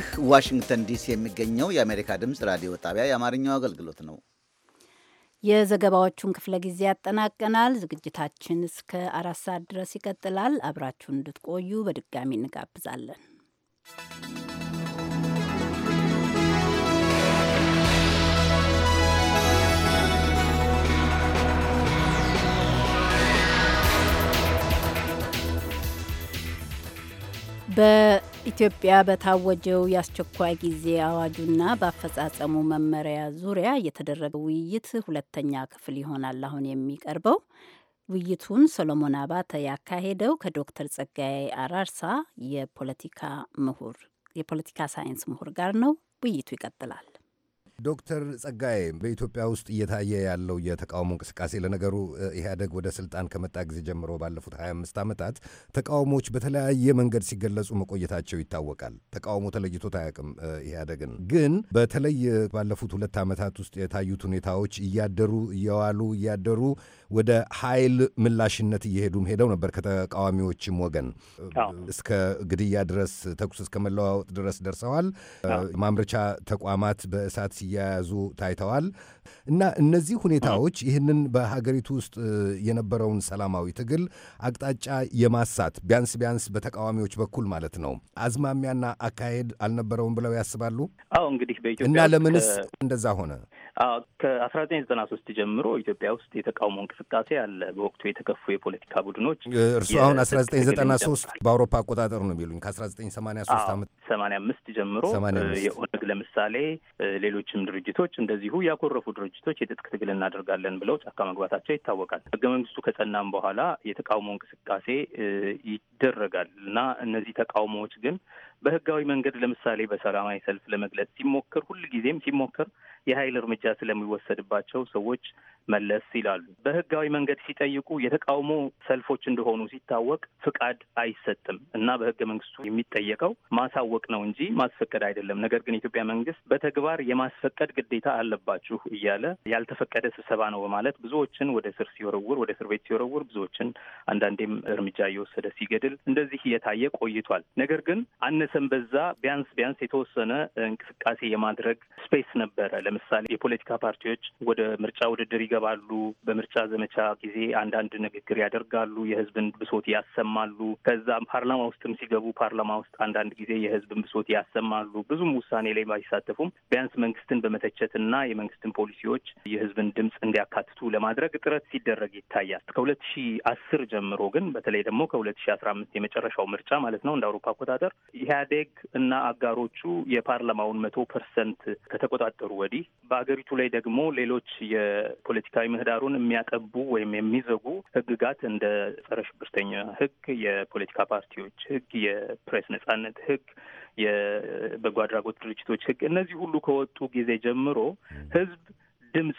ይህ ዋሽንግተን ዲሲ የሚገኘው የአሜሪካ ድምፅ ራዲዮ ጣቢያ የአማርኛው አገልግሎት ነው። የዘገባዎቹን ክፍለ ጊዜ ያጠናቀናል። ዝግጅታችን እስከ አራት ሰዓት ድረስ ይቀጥላል። አብራችሁን እንድትቆዩ በድጋሚ እንጋብዛለን። በኢትዮጵያ በታወጀው የአስቸኳይ ጊዜ አዋጁና በአፈጻጸሙ መመሪያ ዙሪያ የተደረገ ውይይት ሁለተኛ ክፍል ይሆናል አሁን የሚቀርበው። ውይይቱን ሶሎሞን አባተ ያካሄደው ከዶክተር ጸጋዬ አራርሳ የፖለቲካ ምሁር የፖለቲካ ሳይንስ ምሁር ጋር ነው። ውይይቱ ይቀጥላል። ዶክተር ጸጋዬ በኢትዮጵያ ውስጥ እየታየ ያለው የተቃውሞ እንቅስቃሴ ለነገሩ ኢህአደግ ወደ ስልጣን ከመጣ ጊዜ ጀምሮ ባለፉት 25 ዓመታት ተቃውሞዎች በተለያየ መንገድ ሲገለጹ መቆየታቸው ይታወቃል። ተቃውሞ ተለይቶት አያውቅም ኢህአደግን። ግን በተለይ ባለፉት ሁለት ዓመታት ውስጥ የታዩት ሁኔታዎች እያደሩ እየዋሉ እያደሩ ወደ ኃይል ምላሽነት እየሄዱም ሄደው ነበር። ከተቃዋሚዎችም ወገን እስከ ግድያ ድረስ፣ ተኩስ እስከ መለዋወጥ ድረስ ደርሰዋል። ማምረቻ ተቋማት በእሳት ሲያያዙ ታይተዋል። እና እነዚህ ሁኔታዎች ይህንን በሀገሪቱ ውስጥ የነበረውን ሰላማዊ ትግል አቅጣጫ የማሳት ቢያንስ ቢያንስ በተቃዋሚዎች በኩል ማለት ነው አዝማሚያና አካሄድ አልነበረውም ብለው ያስባሉ? አዎ እንግዲህ በኢትዮጵያ እና ለምንስ እንደዛ ሆነ? ከአስራ ዘጠኝ ዘጠና ሶስት ጀምሮ ኢትዮጵያ ውስጥ የተቃውሞ እንቅስቃሴ አለ። በወቅቱ የተከፉ የፖለቲካ ቡድኖች እርሱ አሁን አስራ ዘጠኝ ዘጠና ሶስት በአውሮፓ አቆጣጠር ነው የሚሉኝ ከአስራ ዘጠኝ ሰማንያ ሶስት ዓመት ሰማንያ አምስት ጀምሮ የኦነግ ለምሳሌ ሌሎች ሌሎችም ድርጅቶች እንደዚሁ ያኮረፉ ድርጅቶች የትጥቅ ትግል እናደርጋለን ብለው ጫካ መግባታቸው ይታወቃል። ህገ መንግስቱ ከጸናም በኋላ የተቃውሞ እንቅስቃሴ ይደረጋል እና እነዚህ ተቃውሞዎች ግን በህጋዊ መንገድ ለምሳሌ በሰላማዊ ሰልፍ ለመግለጽ ሲሞክር ጊዜም ሲሞክር የኃይል እርምጃ ስለሚወሰድባቸው ሰዎች መለስ ይላሉ። በህጋዊ መንገድ ሲጠይቁ የተቃውሞ ሰልፎች እንደሆኑ ሲታወቅ ፍቃድ አይሰጥም እና በህገ መንግስቱ የሚጠየቀው ማሳወቅ ነው እንጂ ማስፈቀድ አይደለም። ነገር ግን የኢትዮጵያ መንግስት በተግባር የማስፈቀድ ግዴታ አለባችሁ እያለ ያልተፈቀደ ስብሰባ ነው በማለት ብዙዎችን ወደ ስር ሲወረውር፣ ወደ እስር ቤት ሲወረውር፣ ብዙዎችን አንዳንዴም እርምጃ እየወሰደ ሲገድል እንደዚህ እየታየ ቆይቷል። ነገር ግን አነ በዛ ቢያንስ ቢያንስ የተወሰነ እንቅስቃሴ የማድረግ ስፔስ ነበረ። ለምሳሌ የፖለቲካ ፓርቲዎች ወደ ምርጫ ውድድር ይገባሉ። በምርጫ ዘመቻ ጊዜ አንዳንድ ንግግር ያደርጋሉ፣ የህዝብን ብሶት ያሰማሉ። ከዛ ፓርላማ ውስጥም ሲገቡ ፓርላማ ውስጥ አንዳንድ ጊዜ የህዝብን ብሶት ያሰማሉ። ብዙም ውሳኔ ላይ ባይሳተፉም ቢያንስ መንግስትን በመተቸትና የመንግስትን ፖሊሲዎች የህዝብን ድምፅ እንዲያካትቱ ለማድረግ ጥረት ሲደረግ ይታያል። ከሁለት ሺ አስር ጀምሮ ግን በተለይ ደግሞ ከሁለት ሺ አስራ አምስት የመጨረሻው ምርጫ ማለት ነው እንደ አውሮፓ አቆጣጠር ኢህአዴግ እና አጋሮቹ የፓርላማውን መቶ ፐርሰንት ከተቆጣጠሩ ወዲህ በሀገሪቱ ላይ ደግሞ ሌሎች የፖለቲካዊ ምህዳሩን የሚያጠቡ ወይም የሚዘጉ ህግጋት እንደ ጸረ ሽብርተኛ ህግ፣ የፖለቲካ ፓርቲዎች ህግ፣ የፕሬስ ነጻነት ህግ የበጎ አድራጎት ድርጅቶች ህግ እነዚህ ሁሉ ከወጡ ጊዜ ጀምሮ ህዝብ ድምፅ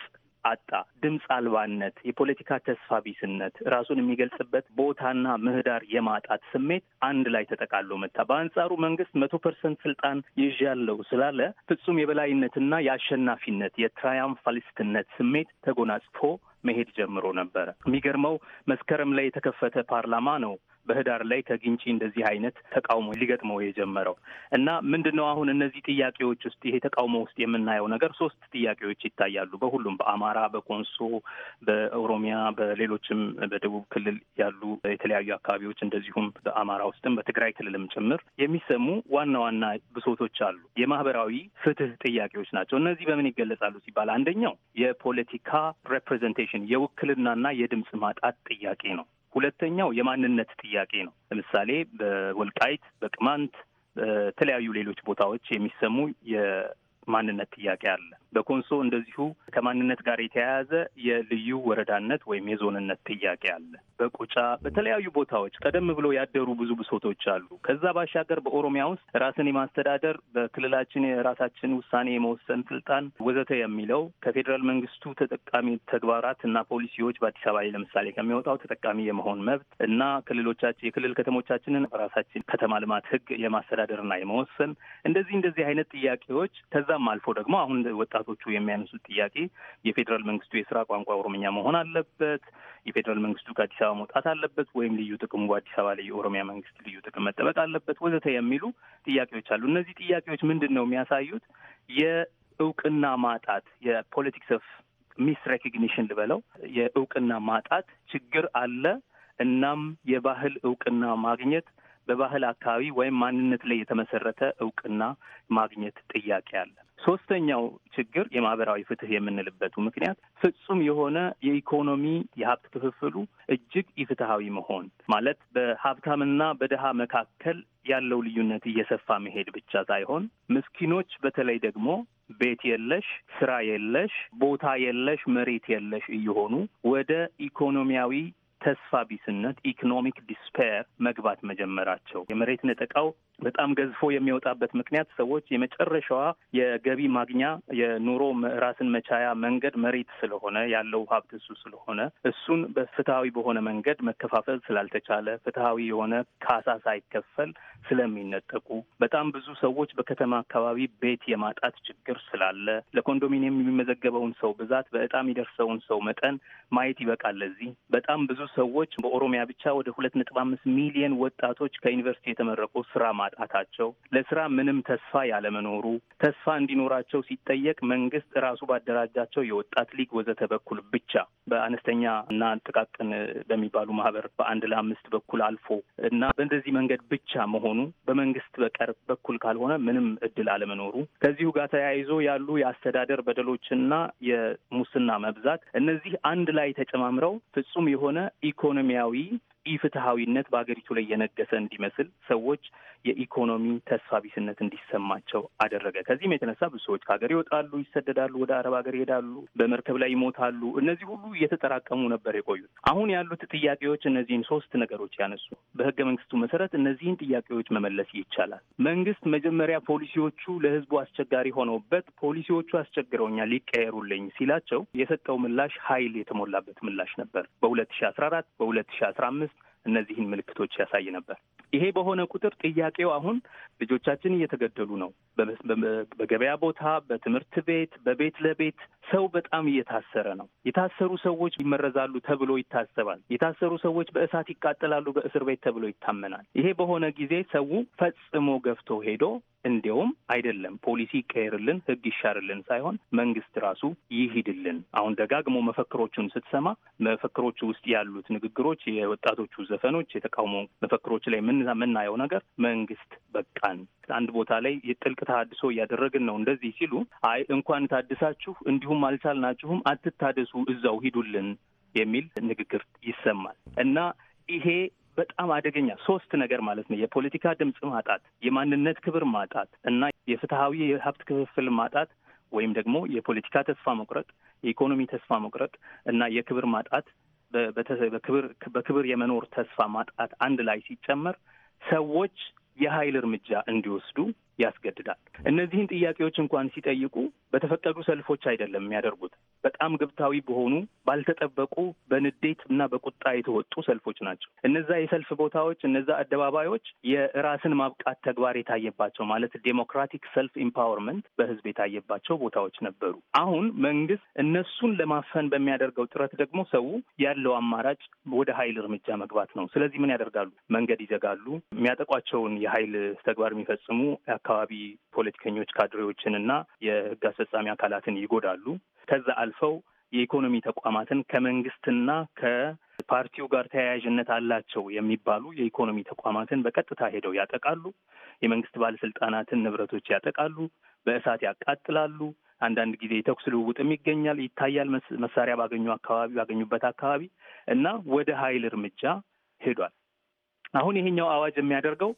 አጣ። ድምፅ አልባነት፣ የፖለቲካ ተስፋ ቢስነት፣ ራሱን የሚገልጽበት ቦታና ምህዳር የማጣት ስሜት አንድ ላይ ተጠቃሎ መታ። በአንጻሩ መንግስት መቶ ፐርሰንት ስልጣን ይዣለሁ ስላለ ፍጹም የበላይነትና የአሸናፊነት የትራያምፋሊስትነት ስሜት ተጎናጽፎ መሄድ ጀምሮ ነበረ። የሚገርመው መስከረም ላይ የተከፈተ ፓርላማ ነው በህዳር ላይ ከግንጪ እንደዚህ አይነት ተቃውሞ ሊገጥመው የጀመረው እና ምንድን ነው አሁን እነዚህ ጥያቄዎች ውስጥ ይሄ ተቃውሞ ውስጥ የምናየው ነገር ሶስት ጥያቄዎች ይታያሉ። በሁሉም በአማራ፣ በኮንሶ፣ በኦሮሚያ፣ በሌሎችም በደቡብ ክልል ያሉ የተለያዩ አካባቢዎች እንደዚሁም በአማራ ውስጥም በትግራይ ክልልም ጭምር የሚሰሙ ዋና ዋና ብሶቶች አሉ። የማህበራዊ ፍትህ ጥያቄዎች ናቸው። እነዚህ በምን ይገለጻሉ ሲባል አንደኛው የፖለቲካ ሬፕሬዘንቴሽን የውክልናና የድምፅ ማጣት ጥያቄ ነው። ሁለተኛው የማንነት ጥያቄ ነው። ለምሳሌ በወልቃይት፣ በቅማንት፣ በተለያዩ ሌሎች ቦታዎች የሚሰሙ የማንነት ጥያቄ አለ። በኮንሶ እንደዚሁ ከማንነት ጋር የተያያዘ የልዩ ወረዳነት ወይም የዞንነት ጥያቄ አለ። በቁጫ በተለያዩ ቦታዎች ቀደም ብሎ ያደሩ ብዙ ብሶቶች አሉ። ከዛ ባሻገር በኦሮሚያ ውስጥ ራስን የማስተዳደር በክልላችን የራሳችን ውሳኔ የመወሰን ስልጣን ወዘተ የሚለው ከፌዴራል መንግስቱ ተጠቃሚ ተግባራት እና ፖሊሲዎች በአዲስ አበባ ላይ ለምሳሌ ከሚወጣው ተጠቃሚ የመሆን መብት እና ክልሎቻችን የክልል ከተሞቻችንን ራሳችን ከተማ ልማት ህግ የማስተዳደርና የመወሰን እንደዚህ እንደዚህ አይነት ጥያቄዎች ከዛም አልፎ ደግሞ አሁን ወጣ ወጣቶቹ የሚያነሱት ጥያቄ የፌዴራል መንግስቱ የስራ ቋንቋ ኦሮምኛ መሆን አለበት፣ የፌዴራል መንግስቱ ከአዲስ አበባ መውጣት አለበት፣ ወይም ልዩ ጥቅሙ በአዲስ አበባ ላይ የኦሮሚያ መንግስት ልዩ ጥቅም መጠበቅ አለበት ወዘተ የሚሉ ጥያቄዎች አሉ። እነዚህ ጥያቄዎች ምንድን ነው የሚያሳዩት? የእውቅና ማጣት የፖለቲክስ ኦፍ ሚስ ሬኮግኒሽን ልበለው፣ የእውቅና ማጣት ችግር አለ። እናም የባህል እውቅና ማግኘት በባህል አካባቢ ወይም ማንነት ላይ የተመሰረተ እውቅና ማግኘት ጥያቄ አለ። ሶስተኛው ችግር የማህበራዊ ፍትህ የምንልበቱ ምክንያት ፍጹም የሆነ የኢኮኖሚ የሀብት ክፍፍሉ እጅግ ኢፍትሐዊ መሆን ማለት በሀብታምና በድሃ መካከል ያለው ልዩነት እየሰፋ መሄድ ብቻ ሳይሆን ምስኪኖች በተለይ ደግሞ ቤት የለሽ፣ ስራ የለሽ፣ ቦታ የለሽ፣ መሬት የለሽ እየሆኑ ወደ ኢኮኖሚያዊ ተስፋ ቢስነት ኢኮኖሚክ ዲስፔር መግባት መጀመራቸው የመሬት ነጠቃው በጣም ገዝፎ የሚወጣበት ምክንያት ሰዎች የመጨረሻዋ የገቢ ማግኛ የኑሮ ራስን መቻያ መንገድ መሬት ስለሆነ ያለው ሀብት እሱ ስለሆነ እሱን በፍትሐዊ በሆነ መንገድ መከፋፈል ስላልተቻለ ፍትሐዊ የሆነ ካሳ ሳይከፈል ስለሚነጠቁ በጣም ብዙ ሰዎች በከተማ አካባቢ ቤት የማጣት ችግር ስላለ ለኮንዶሚኒየም የሚመዘገበውን ሰው ብዛት በእጣም የደርሰውን ሰው መጠን ማየት ይበቃል። ለዚህ በጣም ብዙ ሰዎች በኦሮሚያ ብቻ ወደ ሁለት ነጥብ አምስት ሚሊየን ወጣቶች ከዩኒቨርሲቲ የተመረቁ ስራ ማጣታቸው፣ ለስራ ምንም ተስፋ ያለመኖሩ፣ ተስፋ እንዲኖራቸው ሲጠየቅ መንግስት ራሱ ባደራጃቸው የወጣት ሊግ ወዘተ በኩል ብቻ በአነስተኛ እና ጥቃቅን በሚባሉ ማህበር በአንድ ለአምስት በኩል አልፎ እና በእንደዚህ መንገድ ብቻ መሆኑ በመንግስት በቀር በኩል ካልሆነ ምንም እድል አለመኖሩ ከዚሁ ጋር ተያይዞ ያሉ የአስተዳደር በደሎችና የሙስና መብዛት እነዚህ አንድ ላይ ተጨማምረው ፍጹም የሆነ ኢኮኖሚያዊ ኢፍትሐዊነት በሀገሪቱ ላይ የነገሰ እንዲመስል ሰዎች የኢኮኖሚ ተስፋ ቢስነት እንዲሰማቸው አደረገ። ከዚህም የተነሳ ብዙ ሰዎች ከሀገር ይወጣሉ፣ ይሰደዳሉ፣ ወደ አረብ ሀገር ይሄዳሉ፣ በመርከብ ላይ ይሞታሉ። እነዚህ ሁሉ እየተጠራቀሙ ነበር የቆዩት። አሁን ያሉት ጥያቄዎች እነዚህን ሶስት ነገሮች ያነሱ። በህገ መንግስቱ መሰረት እነዚህን ጥያቄዎች መመለስ ይቻላል። መንግስት መጀመሪያ ፖሊሲዎቹ ለህዝቡ አስቸጋሪ ሆነውበት ፖሊሲዎቹ አስቸግረውኛል ሊቀየሩልኝ ሲላቸው የሰጠው ምላሽ ኃይል የተሞላበት ምላሽ ነበር። በሁለት ሺ አስራ አራት በሁለት ሺ አስራ አምስት እነዚህን ምልክቶች ያሳይ ነበር። ይሄ በሆነ ቁጥር ጥያቄው አሁን ልጆቻችን እየተገደሉ ነው፣ በገበያ ቦታ፣ በትምህርት ቤት፣ በቤት ለቤት ሰው በጣም እየታሰረ ነው። የታሰሩ ሰዎች ይመረዛሉ ተብሎ ይታሰባል። የታሰሩ ሰዎች በእሳት ይቃጠላሉ በእስር ቤት ተብሎ ይታመናል። ይሄ በሆነ ጊዜ ሰው ፈጽሞ ገፍቶ ሄዶ እንዲያውም አይደለም ፖሊሲ ይቀየርልን፣ ህግ ይሻርልን ሳይሆን መንግስት ራሱ ይሂድልን። አሁን ደጋግሞ መፈክሮቹን ስትሰማ መፈክሮቹ ውስጥ ያሉት ንግግሮች፣ የወጣቶቹ ዘፈኖች፣ የተቃውሞ መፈክሮች ላይ የምናየው ነገር መንግስት በቃን፣ አንድ ቦታ ላይ የጥልቅ ተሃድሶ እያደረግን ነው እንደዚህ ሲሉ፣ አይ እንኳን ታድሳችሁ እንዲሁም አልቻልናችሁም፣ አትታደሱ፣ እዛው ሂዱልን የሚል ንግግር ይሰማል እና ይሄ በጣም አደገኛ ሶስት ነገር ማለት ነው። የፖለቲካ ድምፅ ማጣት፣ የማንነት ክብር ማጣት እና የፍትሐዊ የሀብት ክፍፍል ማጣት ወይም ደግሞ የፖለቲካ ተስፋ መቁረጥ፣ የኢኮኖሚ ተስፋ መቁረጥ እና የክብር ማጣት በክብር የመኖር ተስፋ ማጣት አንድ ላይ ሲጨመር ሰዎች የኃይል እርምጃ እንዲወስዱ ያስገድዳል። እነዚህን ጥያቄዎች እንኳን ሲጠይቁ በተፈቀዱ ሰልፎች አይደለም የሚያደርጉት፣ በጣም ግብታዊ በሆኑ ባልተጠበቁ በንዴት እና በቁጣ የተወጡ ሰልፎች ናቸው። እነዛ የሰልፍ ቦታዎች እነዛ አደባባዮች የራስን ማብቃት ተግባር የታየባቸው ማለት ዴሞክራቲክ ሰልፍ ኢምፓወርመንት በህዝብ የታየባቸው ቦታዎች ነበሩ። አሁን መንግስት እነሱን ለማፈን በሚያደርገው ጥረት ደግሞ ሰው ያለው አማራጭ ወደ ኃይል እርምጃ መግባት ነው። ስለዚህ ምን ያደርጋሉ? መንገድ ይዘጋሉ። የሚያጠቋቸውን የኃይል ተግባር የሚፈጽሙ የአካባቢ ፖለቲከኞች ካድሬዎችን እና የህግ አስፈጻሚ አካላትን ይጎዳሉ። ከዛ አልፈው የኢኮኖሚ ተቋማትን ከመንግስትና ከፓርቲው ጋር ተያያዥነት አላቸው የሚባሉ የኢኮኖሚ ተቋማትን በቀጥታ ሄደው ያጠቃሉ። የመንግስት ባለስልጣናትን ንብረቶች ያጠቃሉ፣ በእሳት ያቃጥላሉ። አንዳንድ ጊዜ የተኩስ ልውውጥም ይገኛል፣ ይታያል። መሳሪያ ባገኙ አካባቢ ባገኙበት አካባቢ እና ወደ ኃይል እርምጃ ሄዷል። አሁን ይሄኛው አዋጅ የሚያደርገው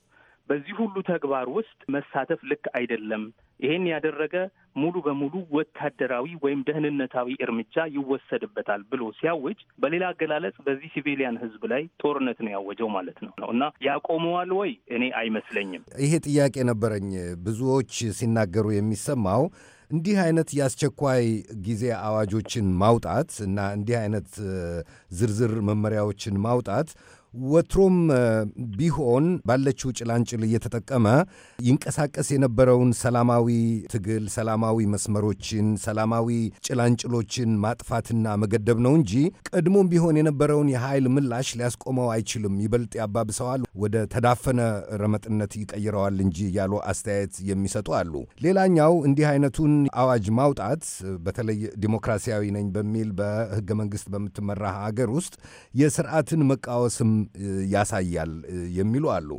በዚህ ሁሉ ተግባር ውስጥ መሳተፍ ልክ አይደለም። ይሄን ያደረገ ሙሉ በሙሉ ወታደራዊ ወይም ደህንነታዊ እርምጃ ይወሰድበታል ብሎ ሲያውጅ፣ በሌላ አገላለጽ በዚህ ሲቪሊያን ህዝብ ላይ ጦርነት ነው ያወጀው ማለት ነው እና ያቆመዋል ወይ? እኔ አይመስለኝም። ይሄ ጥያቄ ነበረኝ ብዙዎች ሲናገሩ የሚሰማው እንዲህ አይነት የአስቸኳይ ጊዜ አዋጆችን ማውጣት እና እንዲህ አይነት ዝርዝር መመሪያዎችን ማውጣት ወትሮም ቢሆን ባለችው ጭላንጭል እየተጠቀመ ይንቀሳቀስ የነበረውን ሰላማዊ ትግል፣ ሰላማዊ መስመሮችን፣ ሰላማዊ ጭላንጭሎችን ማጥፋትና መገደብ ነው እንጂ ቀድሞም ቢሆን የነበረውን የኃይል ምላሽ ሊያስቆመው አይችልም፣ ይበልጥ ያባብሰዋል፣ ወደ ተዳፈነ ረመጥነት ይቀይረዋል እንጂ ያሉ አስተያየት የሚሰጡ አሉ። ሌላኛው እንዲህ አይነቱን አዋጅ ማውጣት በተለይ ዲሞክራሲያዊ ነኝ በሚል በህገ መንግስት በምትመራ ሀገር ውስጥ የስርዓትን መቃወስም ያሳያል የሚሉ አሉ።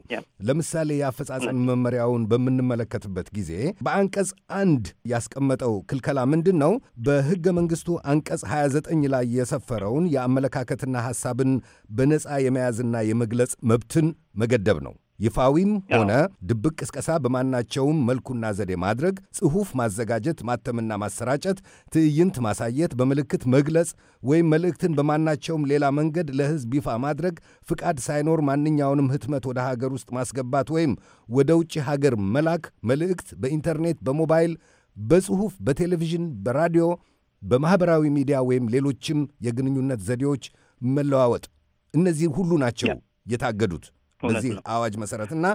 ለምሳሌ የአፈጻጸም መመሪያውን በምንመለከትበት ጊዜ በአንቀጽ አንድ ያስቀመጠው ክልከላ ምንድን ነው? በሕገ መንግሥቱ አንቀጽ 29 ላይ የሰፈረውን የአመለካከትና ሐሳብን በነፃ የመያዝና የመግለጽ መብትን መገደብ ነው። ይፋዊም ሆነ ድብቅ ቅስቀሳ በማናቸውም መልኩና ዘዴ ማድረግ፣ ጽሑፍ ማዘጋጀት፣ ማተምና ማሰራጨት፣ ትዕይንት ማሳየት፣ በምልክት መግለጽ ወይም መልእክትን በማናቸውም ሌላ መንገድ ለሕዝብ ይፋ ማድረግ፣ ፍቃድ ሳይኖር ማንኛውንም ህትመት ወደ ሀገር ውስጥ ማስገባት ወይም ወደ ውጭ ሀገር መላክ፣ መልእክት በኢንተርኔት፣ በሞባይል፣ በጽሑፍ፣ በቴሌቪዥን፣ በራዲዮ፣ በማኅበራዊ ሚዲያ ወይም ሌሎችም የግንኙነት ዘዴዎች መለዋወጥ፣ እነዚህ ሁሉ ናቸው የታገዱት። በዚህ አዋጅ መሰረት እና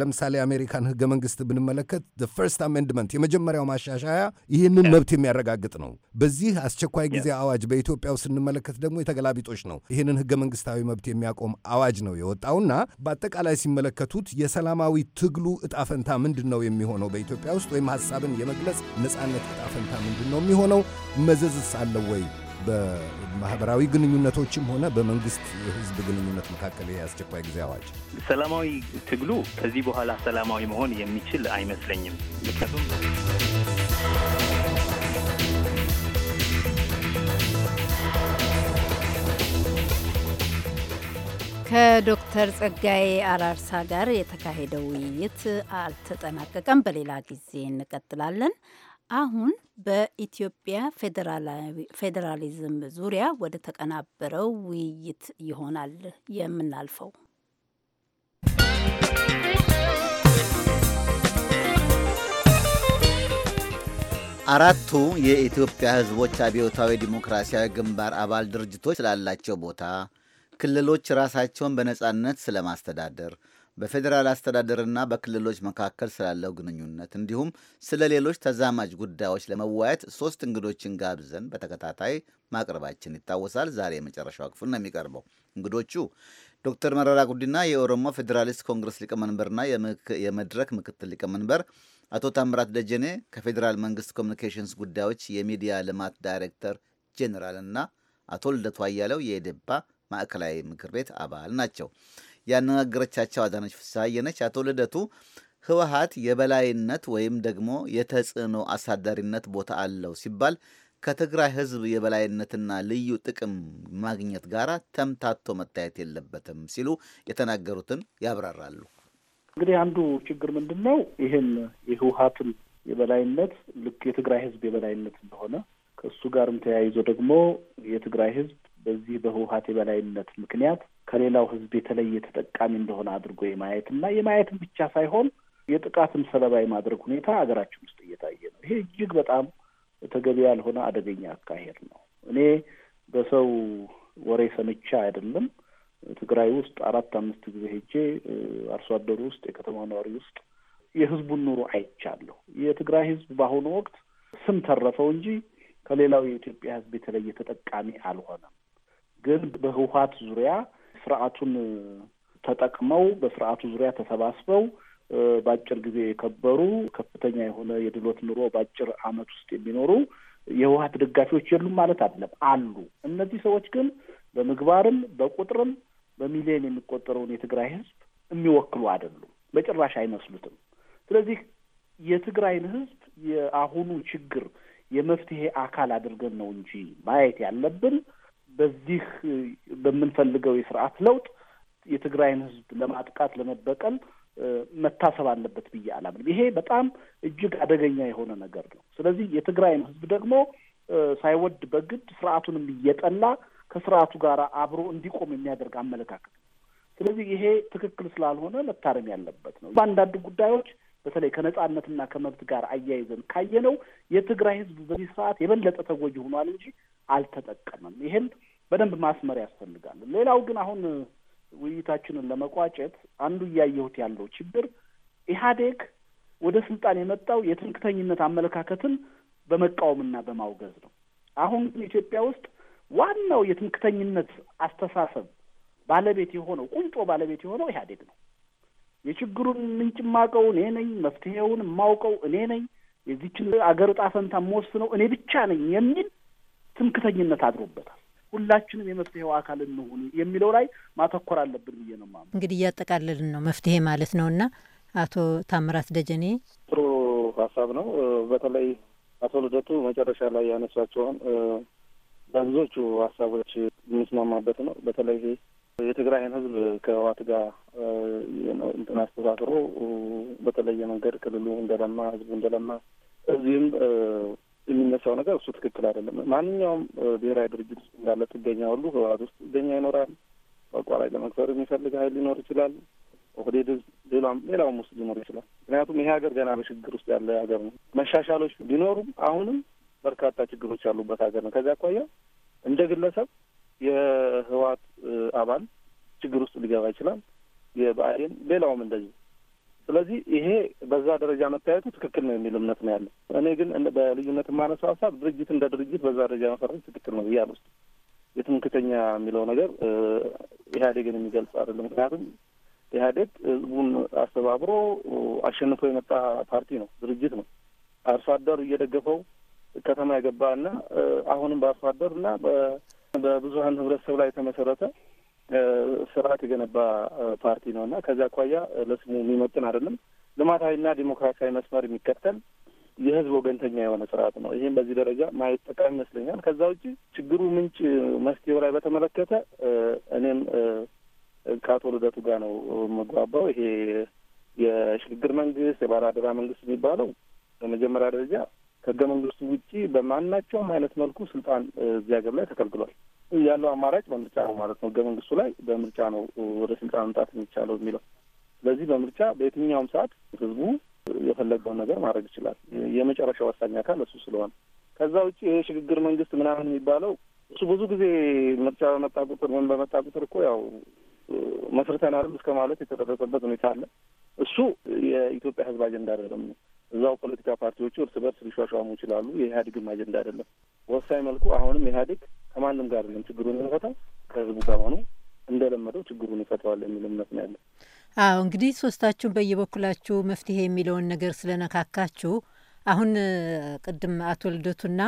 ለምሳሌ የአሜሪካን ህገ መንግስት ብንመለከት ፈርስት አሜንድመንት የመጀመሪያው ማሻሻያ ይህንን መብት የሚያረጋግጥ ነው። በዚህ አስቸኳይ ጊዜ አዋጅ በኢትዮጵያው ስንመለከት ደግሞ የተገላቢጦች ነው። ይህንን ህገ መንግስታዊ መብት የሚያቆም አዋጅ ነው የወጣውና በአጠቃላይ ሲመለከቱት የሰላማዊ ትግሉ እጣፈንታ ምንድን ነው የሚሆነው በኢትዮጵያ ውስጥ ወይም ሀሳብን የመግለጽ ነጻነት እጣፈንታ ምንድን ነው የሚሆነው? መዘዝስ አለው ወይ? ማህበራዊ ግንኙነቶችም ሆነ በመንግስት የህዝብ ግንኙነት መካከል የአስቸኳይ ጊዜ አዋጅ ሰላማዊ ትግሉ ከዚህ በኋላ ሰላማዊ መሆን የሚችል አይመስለኝም። ምክንያቱም ከዶክተር ጸጋዬ አራርሳ ጋር የተካሄደው ውይይት አልተጠናቀቀም። በሌላ ጊዜ እንቀጥላለን። አሁን በኢትዮጵያ ፌዴራሊዝም ዙሪያ ወደ ተቀናበረው ውይይት ይሆናል የምናልፈው። አራቱ የኢትዮጵያ ሕዝቦች አብዮታዊ ዲሞክራሲያዊ ግንባር አባል ድርጅቶች ስላላቸው ቦታ ክልሎች ራሳቸውን በነጻነት ስለማስተዳደር በፌዴራል አስተዳደርና በክልሎች መካከል ስላለው ግንኙነት እንዲሁም ስለ ሌሎች ተዛማጅ ጉዳዮች ለመወያየት ሶስት እንግዶችን ጋብዘን በተከታታይ ማቅረባችን ይታወሳል። ዛሬ የመጨረሻው ክፍል ነው የሚቀርበው። እንግዶቹ ዶክተር መረራ ጉዲና የኦሮሞ ፌዴራሊስት ኮንግረስ ሊቀመንበርና የመድረክ ምክትል ሊቀመንበር፣ አቶ ታምራት ደጀኔ ከፌዴራል መንግስት ኮሚኒኬሽንስ ጉዳዮች የሚዲያ ልማት ዳይሬክተር ጄኔራል አቶ ልደቱ አያለው የኢዴፓ ማዕከላዊ ምክር ቤት አባል ናቸው። ያነጋገረቻቸው አዳነች ፍስሐዬ ነች። አቶ ልደቱ ህወሀት የበላይነት ወይም ደግሞ የተጽዕኖ አሳዳሪነት ቦታ አለው ሲባል ከትግራይ ህዝብ የበላይነትና ልዩ ጥቅም ማግኘት ጋር ተምታቶ መታየት የለበትም ሲሉ የተናገሩትን ያብራራሉ። እንግዲህ አንዱ ችግር ምንድን ነው? ይህን የህወሀትን የበላይነት ልክ የትግራይ ህዝብ የበላይነት እንደሆነ ከእሱ ጋርም ተያይዞ ደግሞ የትግራይ ህዝብ በዚህ በህወሀት የበላይነት ምክንያት ከሌላው ህዝብ የተለየ ተጠቃሚ እንደሆነ አድርጎ የማየት እና ብቻ ሳይሆን የጥቃትም ሰለባ የማድረግ ሁኔታ ሀገራችን ውስጥ እየታየ ነው። ይሄ እጅግ በጣም ተገቢ ያልሆነ አደገኛ አካሄድ ነው። እኔ በሰው ወሬ ሰምቻ አይደለም። ትግራይ ውስጥ አራት አምስት ጊዜ ሄጄ አርሶ አደሩ ውስጥ፣ የከተማ ነዋሪ ውስጥ የህዝቡን ኑሮ አይቻለሁ። የትግራይ ህዝብ በአሁኑ ወቅት ስም ተረፈው እንጂ ከሌላው የኢትዮጵያ ህዝብ የተለየ ተጠቃሚ አልሆነም። ግን በህወሀት ዙሪያ ስርዓቱን ተጠቅመው በስርዓቱ ዙሪያ ተሰባስበው በአጭር ጊዜ የከበሩ ከፍተኛ የሆነ የድሎት ኑሮ በአጭር አመት ውስጥ የሚኖሩ የህወሀት ደጋፊዎች የሉም ማለት አይደለም፣ አሉ። እነዚህ ሰዎች ግን በምግባርም በቁጥርም በሚሊዮን የሚቆጠረውን የትግራይ ህዝብ የሚወክሉ አይደሉም፣ በጭራሽ አይመስሉትም። ስለዚህ የትግራይን ህዝብ የአሁኑ ችግር የመፍትሄ አካል አድርገን ነው እንጂ ማየት ያለብን በዚህ በምንፈልገው የስርዓት ለውጥ የትግራይን ህዝብ ለማጥቃት ለመበቀል መታሰብ አለበት ብዬ አላምንም። ይሄ በጣም እጅግ አደገኛ የሆነ ነገር ነው። ስለዚህ የትግራይን ህዝብ ደግሞ ሳይወድ በግድ ስርዓቱንም እየጠላ ከስርዓቱ ጋር አብሮ እንዲቆም የሚያደርግ አመለካከት ነው። ስለዚህ ይሄ ትክክል ስላልሆነ መታረም ያለበት ነው። በአንዳንድ ጉዳዮች በተለይ ከነጻነትና ከመብት ጋር አያይዘን ካየነው የትግራይ ህዝብ በዚህ ሰዓት የበለጠ ተጎጂ ሆኗል እንጂ አልተጠቀመም። ይሄን በደንብ ማስመር ያስፈልጋል። ሌላው ግን አሁን ውይይታችንን ለመቋጨት አንዱ እያየሁት ያለው ችግር ኢህአዴግ ወደ ስልጣን የመጣው የትምክተኝነት አመለካከትን በመቃወምና በማውገዝ ነው። አሁን ግን ኢትዮጵያ ውስጥ ዋናው የትምክተኝነት አስተሳሰብ ባለቤት የሆነው ቁንጮ ባለቤት የሆነው ኢህአዴግ ነው። የችግሩን ምንጭ ማቀው እኔ ነኝ፣ መፍትሄውን የማውቀው እኔ ነኝ፣ የዚችን አገር ዕጣ ፈንታ የምወስነው እኔ ብቻ ነኝ የሚል ትምክተኝነት አድሮበታል። ሁላችንም የመፍትሄው አካል እንሁን የሚለው ላይ ማተኮር አለብን ብዬ ነው ማ እንግዲህ እያጠቃለልን ነው መፍትሄ ማለት ነው እና አቶ ታምራት ደጀኔ ጥሩ ሀሳብ ነው። በተለይ አቶ ልደቱ መጨረሻ ላይ ያነሷቸውን በብዙዎቹ ሀሳቦች የሚስማማበት ነው። በተለይ የትግራይን ህዝብ ከህዋት ጋር እንትን አስተሳስሮ በተለየ መንገድ ክልሉ እንደለማ ህዝቡ እንደለማ እዚህም የሚነሳው ነገር እሱ ትክክል አይደለም። ማንኛውም ብሔራዊ ድርጅት ውስጥ እንዳለ ጥገኛ ሁሉ ህወሀት ውስጥ ጥገኛ ይኖራል። አቋራጭ ለመክፈር የሚፈልግ ሀይል ሊኖር ይችላል። ኦህዴድ ሌላም ሌላውም ውስጥ ሊኖር ይችላል። ምክንያቱም ይሄ ሀገር ገና በችግር ውስጥ ያለ ሀገር ነው። መሻሻሎች ቢኖሩም አሁንም በርካታ ችግሮች ያሉበት ሀገር ነው። ከዚያ አኳያ እንደ ግለሰብ የህወሓት አባል ችግር ውስጥ ሊገባ ይችላል። የብአዴን ሌላውም እንደዚህ። ስለዚህ ይሄ በዛ ደረጃ መታየቱ ትክክል ነው የሚል እምነት ነው ያለው። እኔ ግን በልዩነት የማነሳው ሀሳብ ድርጅት እንደ ድርጅት በዛ ደረጃ መፈረጅ ትክክል ነው እያል ውስጥ የትምክተኛ የሚለው ነገር ኢህአዴግን የሚገልጽ አይደለም። ምክንያቱም ኢህአዴግ ህዝቡን አስተባብሮ አሸንፎ የመጣ ፓርቲ ነው፣ ድርጅት ነው። አርሶ አደር እየደገፈው ከተማ የገባ እና አሁንም በአርሶ አደር እና በብዙሀን ህብረተሰብ ላይ የተመሰረተ ስርዓት የገነባ ፓርቲ ነው እና ከዚያ አኳያ ለስሙ የሚመጥን አይደለም። ልማታዊና ዲሞክራሲያዊ መስመር የሚከተል የህዝብ ወገንተኛ የሆነ ስርዓት ነው። ይህም በዚህ ደረጃ ማየት ጠቃሚ ይመስለኛል። ከዛ ውጭ ችግሩ ምንጭ መፍትሄው ላይ በተመለከተ እኔም ከአቶ ልደቱ ጋር ነው መግባባው። ይሄ የሽግግር መንግስት የባለአደራ መንግስት የሚባለው በመጀመሪያ ደረጃ ከህገ መንግስቱ ውጪ በማናቸውም አይነት መልኩ ስልጣን እዚህ ሀገር ላይ ተከልክሏል። ያለው አማራጭ በምርጫ ነው ማለት ነው። ህገ መንግስቱ ላይ በምርጫ ነው ወደ ስልጣን መምጣት የሚቻለው የሚለው። ስለዚህ በምርጫ በየትኛውም ሰዓት ህዝቡ የፈለገውን ነገር ማድረግ ይችላል። የመጨረሻ ወሳኝ አካል እሱ ስለሆነ ከዛ ውጭ ይሄ ሽግግር መንግስት ምናምን የሚባለው እሱ ብዙ ጊዜ ምርጫ በመጣ ቁጥር ምን በመጣ ቁጥር እኮ ያው መስርተናል እስከ ማለት የተደረሰበት ሁኔታ አለ። እሱ የኢትዮጵያ ህዝብ አጀንዳ አይደለም ነው እዛው ፖለቲካ ፓርቲዎቹ እርስ በርስ ሊሿሿሙ ይችላሉ። የኢህአዴግም አጀንዳ አይደለም። ወሳኝ መልኩ አሁንም ኢህአዴግ ከማንም ጋር አይደለም ችግሩን የሚፈታው ከህዝቡ ጋር ሆኖ እንደለመደው ችግሩን ይፈተዋል የሚል እምነት ነው ያለን። አዎ እንግዲህ ሶስታችሁን በየበኩላችሁ መፍትሄ የሚለውን ነገር ስለነካካችሁ አሁን ቅድም አቶ ልደቱና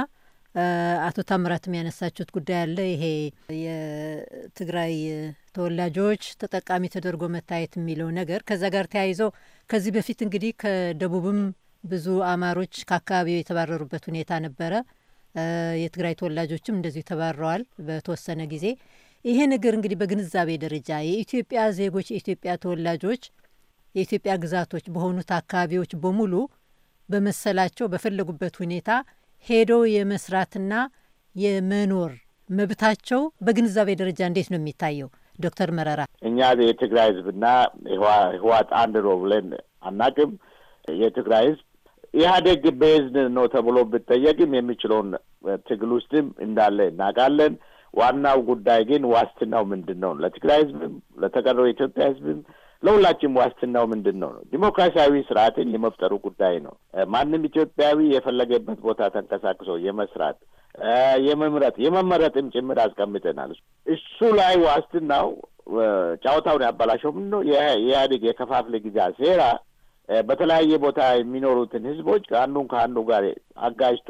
አቶ ታምራትም ያነሳችሁት ጉዳይ አለ። ይሄ የትግራይ ተወላጆች ተጠቃሚ ተደርጎ መታየት የሚለው ነገር ከዛ ጋር ተያይዘው ከዚህ በፊት እንግዲህ ከደቡብም ብዙ አማሮች ከአካባቢው የተባረሩበት ሁኔታ ነበረ። የትግራይ ተወላጆችም እንደዚሁ ተባረዋል በተወሰነ ጊዜ። ይሄ ነገር እንግዲህ በግንዛቤ ደረጃ የኢትዮጵያ ዜጎች፣ የኢትዮጵያ ተወላጆች፣ የኢትዮጵያ ግዛቶች በሆኑት አካባቢዎች በሙሉ በመሰላቸው በፈለጉበት ሁኔታ ሄደው የመስራትና የመኖር መብታቸው በግንዛቤ ደረጃ እንዴት ነው የሚታየው? ዶክተር መረራ እኛ የትግራይ ህዝብና ህዋት አንድ ነው ብለን አናቅም። የትግራይ ህዝብ ኢህአዴግ በህዝብ ነው ተብሎ ብጠየቅም የሚችለውን ትግል ውስጥም እንዳለ እናውቃለን። ዋናው ጉዳይ ግን ዋስትናው ምንድን ነው? ለትግራይ ህዝብም ለተቀረው የኢትዮጵያ ህዝብም ለሁላችንም ዋስትናው ምንድን ነው ነው ዲሞክራሲያዊ ስርዓትን የመፍጠሩ ጉዳይ ነው። ማንም ኢትዮጵያዊ የፈለገበት ቦታ ተንቀሳቅሶ የመስራት የመምረጥ የመመረጥም ጭምር አስቀምጠናል። እሱ ላይ ዋስትናው ጨዋታውን ያበላሸው ምንድን ነው? የኢህአዴግ የከፋፍለ ጊዜ ሴራ በተለያየ ቦታ የሚኖሩትን ህዝቦች አንዱን ከአንዱ ጋር አጋጅቶ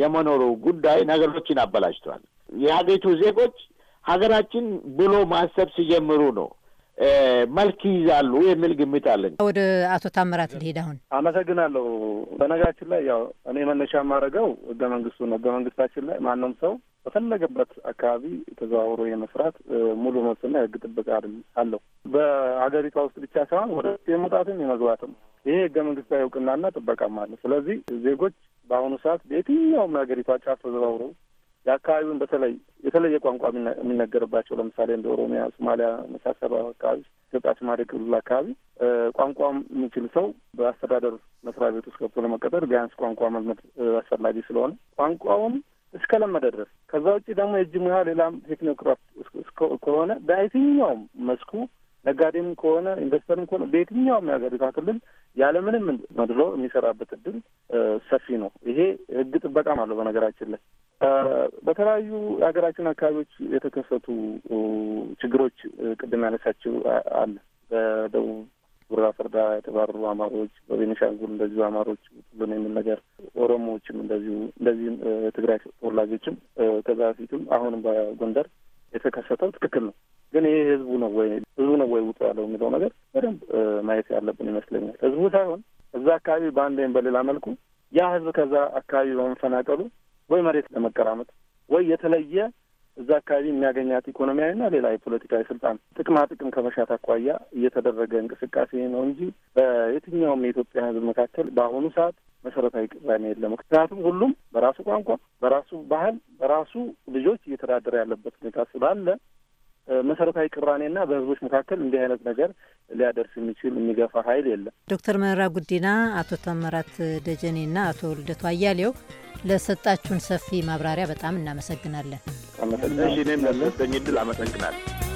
የመኖሩ ጉዳይ ነገሮችን አበላሽተዋል። የሀገሪቱ ዜጎች ሀገራችን ብሎ ማሰብ ሲጀምሩ ነው መልክ ይይዛሉ የሚል ግምት አለን። ወደ አቶ ታምራት ልሄድ። አሁን አመሰግናለሁ። በነገራችን ላይ ያው እኔ መነሻ የማደርገው ህገ መንግስቱ ነው። ህገ መንግስታችን ላይ ማንም ሰው በፈለገበት አካባቢ ተዘዋውሮ የመስራት ሙሉ መብትና የህግ ጥበቃ አለው። በሀገሪቷ ውስጥ ብቻ ሳይሆን ወደ የመውጣትም የመግባትም ይሄ ህገ መንግስታዊ እውቅናና ጥበቃም አለ። ስለዚህ ዜጎች በአሁኑ ሰዓት በየትኛውም የሀገሪቷ ጫፍ ተዘዋውሮ የአካባቢውን በተለይ የተለየ ቋንቋ የሚነገርባቸው ለምሳሌ እንደ ኦሮሚያ፣ ሶማሊያ መሳሰሉ አካባቢ ኢትዮጵያ ሶማሌ ክልል አካባቢ ቋንቋ የሚችል ሰው በአስተዳደር መስሪያ ቤት ውስጥ ገብቶ ለመቀጠር ቢያንስ ቋንቋ መልመድ አስፈላጊ ስለሆነ ቋንቋውን እስከለመደ ድረስ። ከዛ ውጭ ደግሞ የእጅ ሙያ ሌላም ቴክኖክራፍት ከሆነ በየትኛውም መስኩ ነጋዴም ከሆነ ኢንቨስተርም ከሆነ በየትኛውም የሀገሪቷ ክልል ያለምንም መድሎ የሚሰራበት እድል ሰፊ ነው። ይሄ ህግ ጥበቃም አለው። በነገራችን ላይ በተለያዩ የሀገራችን አካባቢዎች የተከሰቱ ችግሮች ቅድም ያነሳችው አለ በደቡብ ጉራ ፈርዳ የተባረሩ አማሮች፣ በቤኒሻንጉል እንደዚሁ አማሮች ውጡልን የሚል ነገር ኦሮሞዎችም እንደዚሁ እንደዚህም ትግራይ ተወላጆችም ከዛ በፊትም አሁንም በጎንደር የተከሰተው ትክክል ነው። ግን ይህ ህዝቡ ነው ወይ ህዝቡ ነው ወይ ውጡ ያለው የሚለው ነገር በደንብ ማየት ያለብን ይመስለኛል። ህዝቡ ሳይሆን እዛ አካባቢ በአንድ ወይም በሌላ መልኩ ያ ህዝብ ከዛ አካባቢ በመፈናቀሉ ወይ መሬት ለመቀራመጥ ወይ የተለየ እዛ አካባቢ የሚያገኛት ኢኮኖሚያዊና ሌላ የፖለቲካዊ ስልጣን ጥቅማ ጥቅም ከመሻት አኳያ እየተደረገ እንቅስቃሴ ነው እንጂ በየትኛውም የኢትዮጵያ ሕዝብ መካከል በአሁኑ ሰዓት መሰረታዊ ቅራኔ የለም። ምክንያቱም ሁሉም በራሱ ቋንቋ፣ በራሱ ባህል፣ በራሱ ልጆች እየተዳደረ ያለበት ሁኔታ ስላለ መሰረታዊ ቅራኔና በህዝቦች መካከል እንዲህ አይነት ነገር ሊያደርስ የሚችል የሚገፋ ኃይል የለም። ዶክተር መረራ ጉዲና፣ አቶ ደጀኔ ደጀኔና አቶ ልደቱ አያሌው ለሰጣችሁን ሰፊ ማብራሪያ በጣም እናመሰግናለን። እኔም ለሰጠኝ እድል አመሰግናለሁ።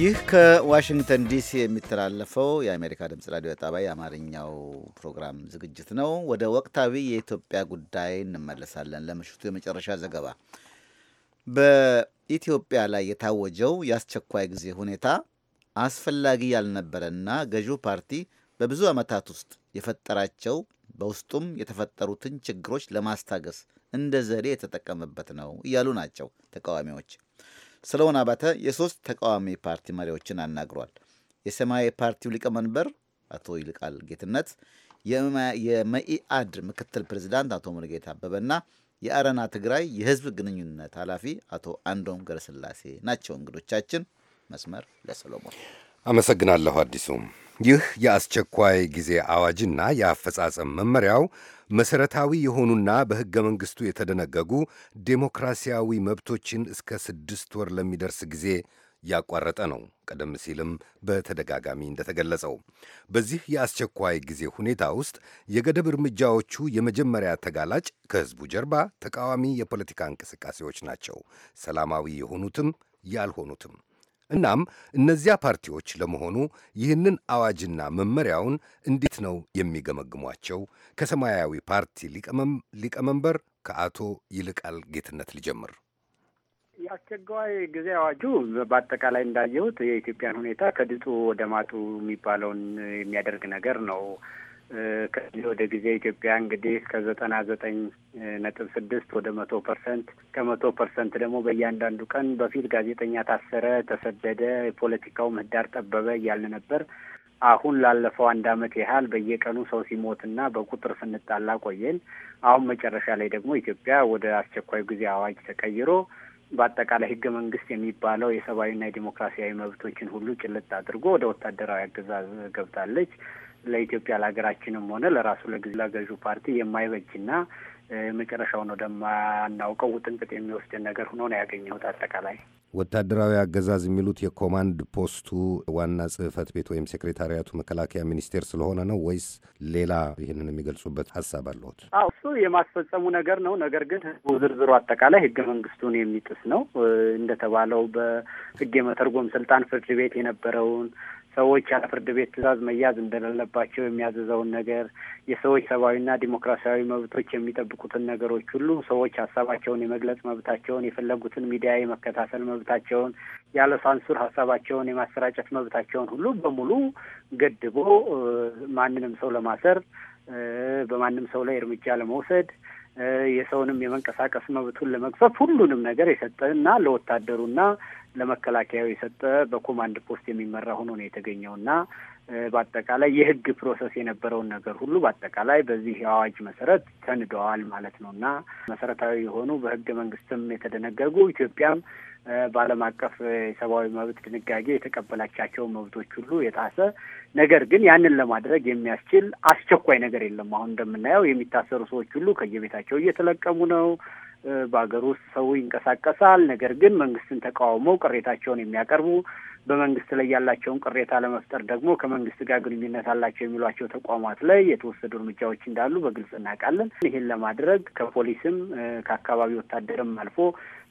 ይህ ከዋሽንግተን ዲሲ የሚተላለፈው የአሜሪካ ድምፅ ራዲዮ ጣቢያ የአማርኛው ፕሮግራም ዝግጅት ነው። ወደ ወቅታዊ የኢትዮጵያ ጉዳይ እንመለሳለን። ለምሽቱ የመጨረሻ ዘገባ በኢትዮጵያ ላይ የታወጀው የአስቸኳይ ጊዜ ሁኔታ አስፈላጊ ያልነበረና ገዢው ፓርቲ በብዙ ዓመታት ውስጥ የፈጠራቸው በውስጡም የተፈጠሩትን ችግሮች ለማስታገስ እንደ ዘዴ የተጠቀመበት ነው እያሉ ናቸው ተቃዋሚዎች። ሰለሞን አባተ የሶስት ተቃዋሚ ፓርቲ መሪዎችን አናግሯል። የሰማያዊ ፓርቲው ሊቀመንበር አቶ ይልቃል ጌትነት፣ የመኢአድ ምክትል ፕሬዚዳንት አቶ ሙሉጌታ አበበና የአረና ትግራይ የህዝብ ግንኙነት ኃላፊ አቶ አንዶም ገረስላሴ ናቸው እንግዶቻችን። መስመር ለሰሎሞን አመሰግናለሁ። አዲሱም ይህ የአስቸኳይ ጊዜ አዋጅና የአፈጻጸም መመሪያው መሠረታዊ የሆኑና በሕገ መንግሥቱ የተደነገጉ ዴሞክራሲያዊ መብቶችን እስከ ስድስት ወር ለሚደርስ ጊዜ ያቋረጠ ነው። ቀደም ሲልም በተደጋጋሚ እንደተገለጸው በዚህ የአስቸኳይ ጊዜ ሁኔታ ውስጥ የገደብ እርምጃዎቹ የመጀመሪያ ተጋላጭ ከሕዝቡ ጀርባ ተቃዋሚ የፖለቲካ እንቅስቃሴዎች ናቸው፣ ሰላማዊ የሆኑትም ያልሆኑትም። እናም እነዚያ ፓርቲዎች ለመሆኑ ይህንን አዋጅና መመሪያውን እንዴት ነው የሚገመግሟቸው? ከሰማያዊ ፓርቲ ሊቀመንበር ከአቶ ይልቃል ጌትነት ልጀምር። የአስቸኳይ ጊዜ አዋጁ በአጠቃላይ እንዳየሁት የኢትዮጵያን ሁኔታ ከድጡ ወደ ማጡ የሚባለውን የሚያደርግ ነገር ነው። ከዚህ ወደ ጊዜ ኢትዮጵያ እንግዲህ ከዘጠና ዘጠኝ ነጥብ ስድስት ወደ መቶ ፐርሰንት ከመቶ ፐርሰንት ደግሞ በእያንዳንዱ ቀን በፊት ጋዜጠኛ ታሰረ፣ ተሰደደ፣ የፖለቲካው ምህዳር ጠበበ እያልን ነበር። አሁን ላለፈው አንድ አመት ያህል በየቀኑ ሰው ሲሞትና በቁጥር ስንጣላ ቆየን። አሁን መጨረሻ ላይ ደግሞ ኢትዮጵያ ወደ አስቸኳይ ጊዜ አዋጅ ተቀይሮ በአጠቃላይ ህገ መንግስት የሚባለው የሰብአዊና የዲሞክራሲያዊ መብቶችን ሁሉ ጭልጥ አድርጎ ወደ ወታደራዊ አገዛዝ ገብታለች። ለኢትዮጵያ ለሀገራችንም ሆነ ለራሱ ለገዢው ፓርቲ የማይበጅና መጨረሻውን ወደማናውቀው ውጥንቅጥ የሚወስድን ነገር ሆኖ ነው ያገኘሁት። አጠቃላይ ወታደራዊ አገዛዝ የሚሉት የኮማንድ ፖስቱ ዋና ጽህፈት ቤት ወይም ሴክሬታሪያቱ መከላከያ ሚኒስቴር ስለሆነ ነው ወይስ ሌላ ይህንን የሚገልጹበት ሀሳብ አለሁት? እሱ የማስፈጸሙ ነገር ነው። ነገር ግን ህዝቡ ዝርዝሩ አጠቃላይ ህገ መንግስቱን የሚጥስ ነው። እንደተባለው በህግ የመተርጎም ስልጣን ፍርድ ቤት የነበረውን ሰዎች ያለ ፍርድ ቤት ትእዛዝ መያዝ እንደሌለባቸው የሚያዘዘውን ነገር የሰዎች ሰብአዊና ዲሞክራሲያዊ መብቶች የሚጠብቁትን ነገሮች ሁሉ ሰዎች ሀሳባቸውን የመግለጽ መብታቸውን፣ የፈለጉትን ሚዲያ የመከታተል መብታቸውን፣ ያለ ሳንሱር ሀሳባቸውን የማሰራጨት መብታቸውን ሁሉ በሙሉ ገድቦ ማንንም ሰው ለማሰር በማንም ሰው ላይ እርምጃ ለመውሰድ የሰውንም የመንቀሳቀስ መብቱን ለመግፈፍ ሁሉንም ነገር የሰጠና ለወታደሩና ለመከላከያው የሰጠ በኮማንድ ፖስት የሚመራ ሆኖ ነው የተገኘው እና በአጠቃላይ የህግ ፕሮሰስ የነበረውን ነገር ሁሉ በአጠቃላይ በዚህ አዋጅ መሰረት ተንደዋል ማለት ነው እና መሰረታዊ የሆኑ በህገ መንግስትም የተደነገጉ ኢትዮጵያም በዓለም አቀፍ የሰብአዊ መብት ድንጋጌ የተቀበላቻቸውን መብቶች ሁሉ የጣሰ ነገር ግን ያንን ለማድረግ የሚያስችል አስቸኳይ ነገር የለም። አሁን እንደምናየው የሚታሰሩ ሰዎች ሁሉ ከየቤታቸው እየተለቀሙ ነው። በሀገር ውስጥ ሰው ይንቀሳቀሳል። ነገር ግን መንግስትን ተቃውመው ቅሬታቸውን የሚያቀርቡ በመንግስት ላይ ያላቸውን ቅሬታ ለመፍጠር ደግሞ ከመንግስት ጋር ግንኙነት አላቸው የሚሏቸው ተቋማት ላይ የተወሰዱ እርምጃዎች እንዳሉ በግልጽ እናውቃለን። ይህን ለማድረግ ከፖሊስም ከአካባቢ ወታደርም አልፎ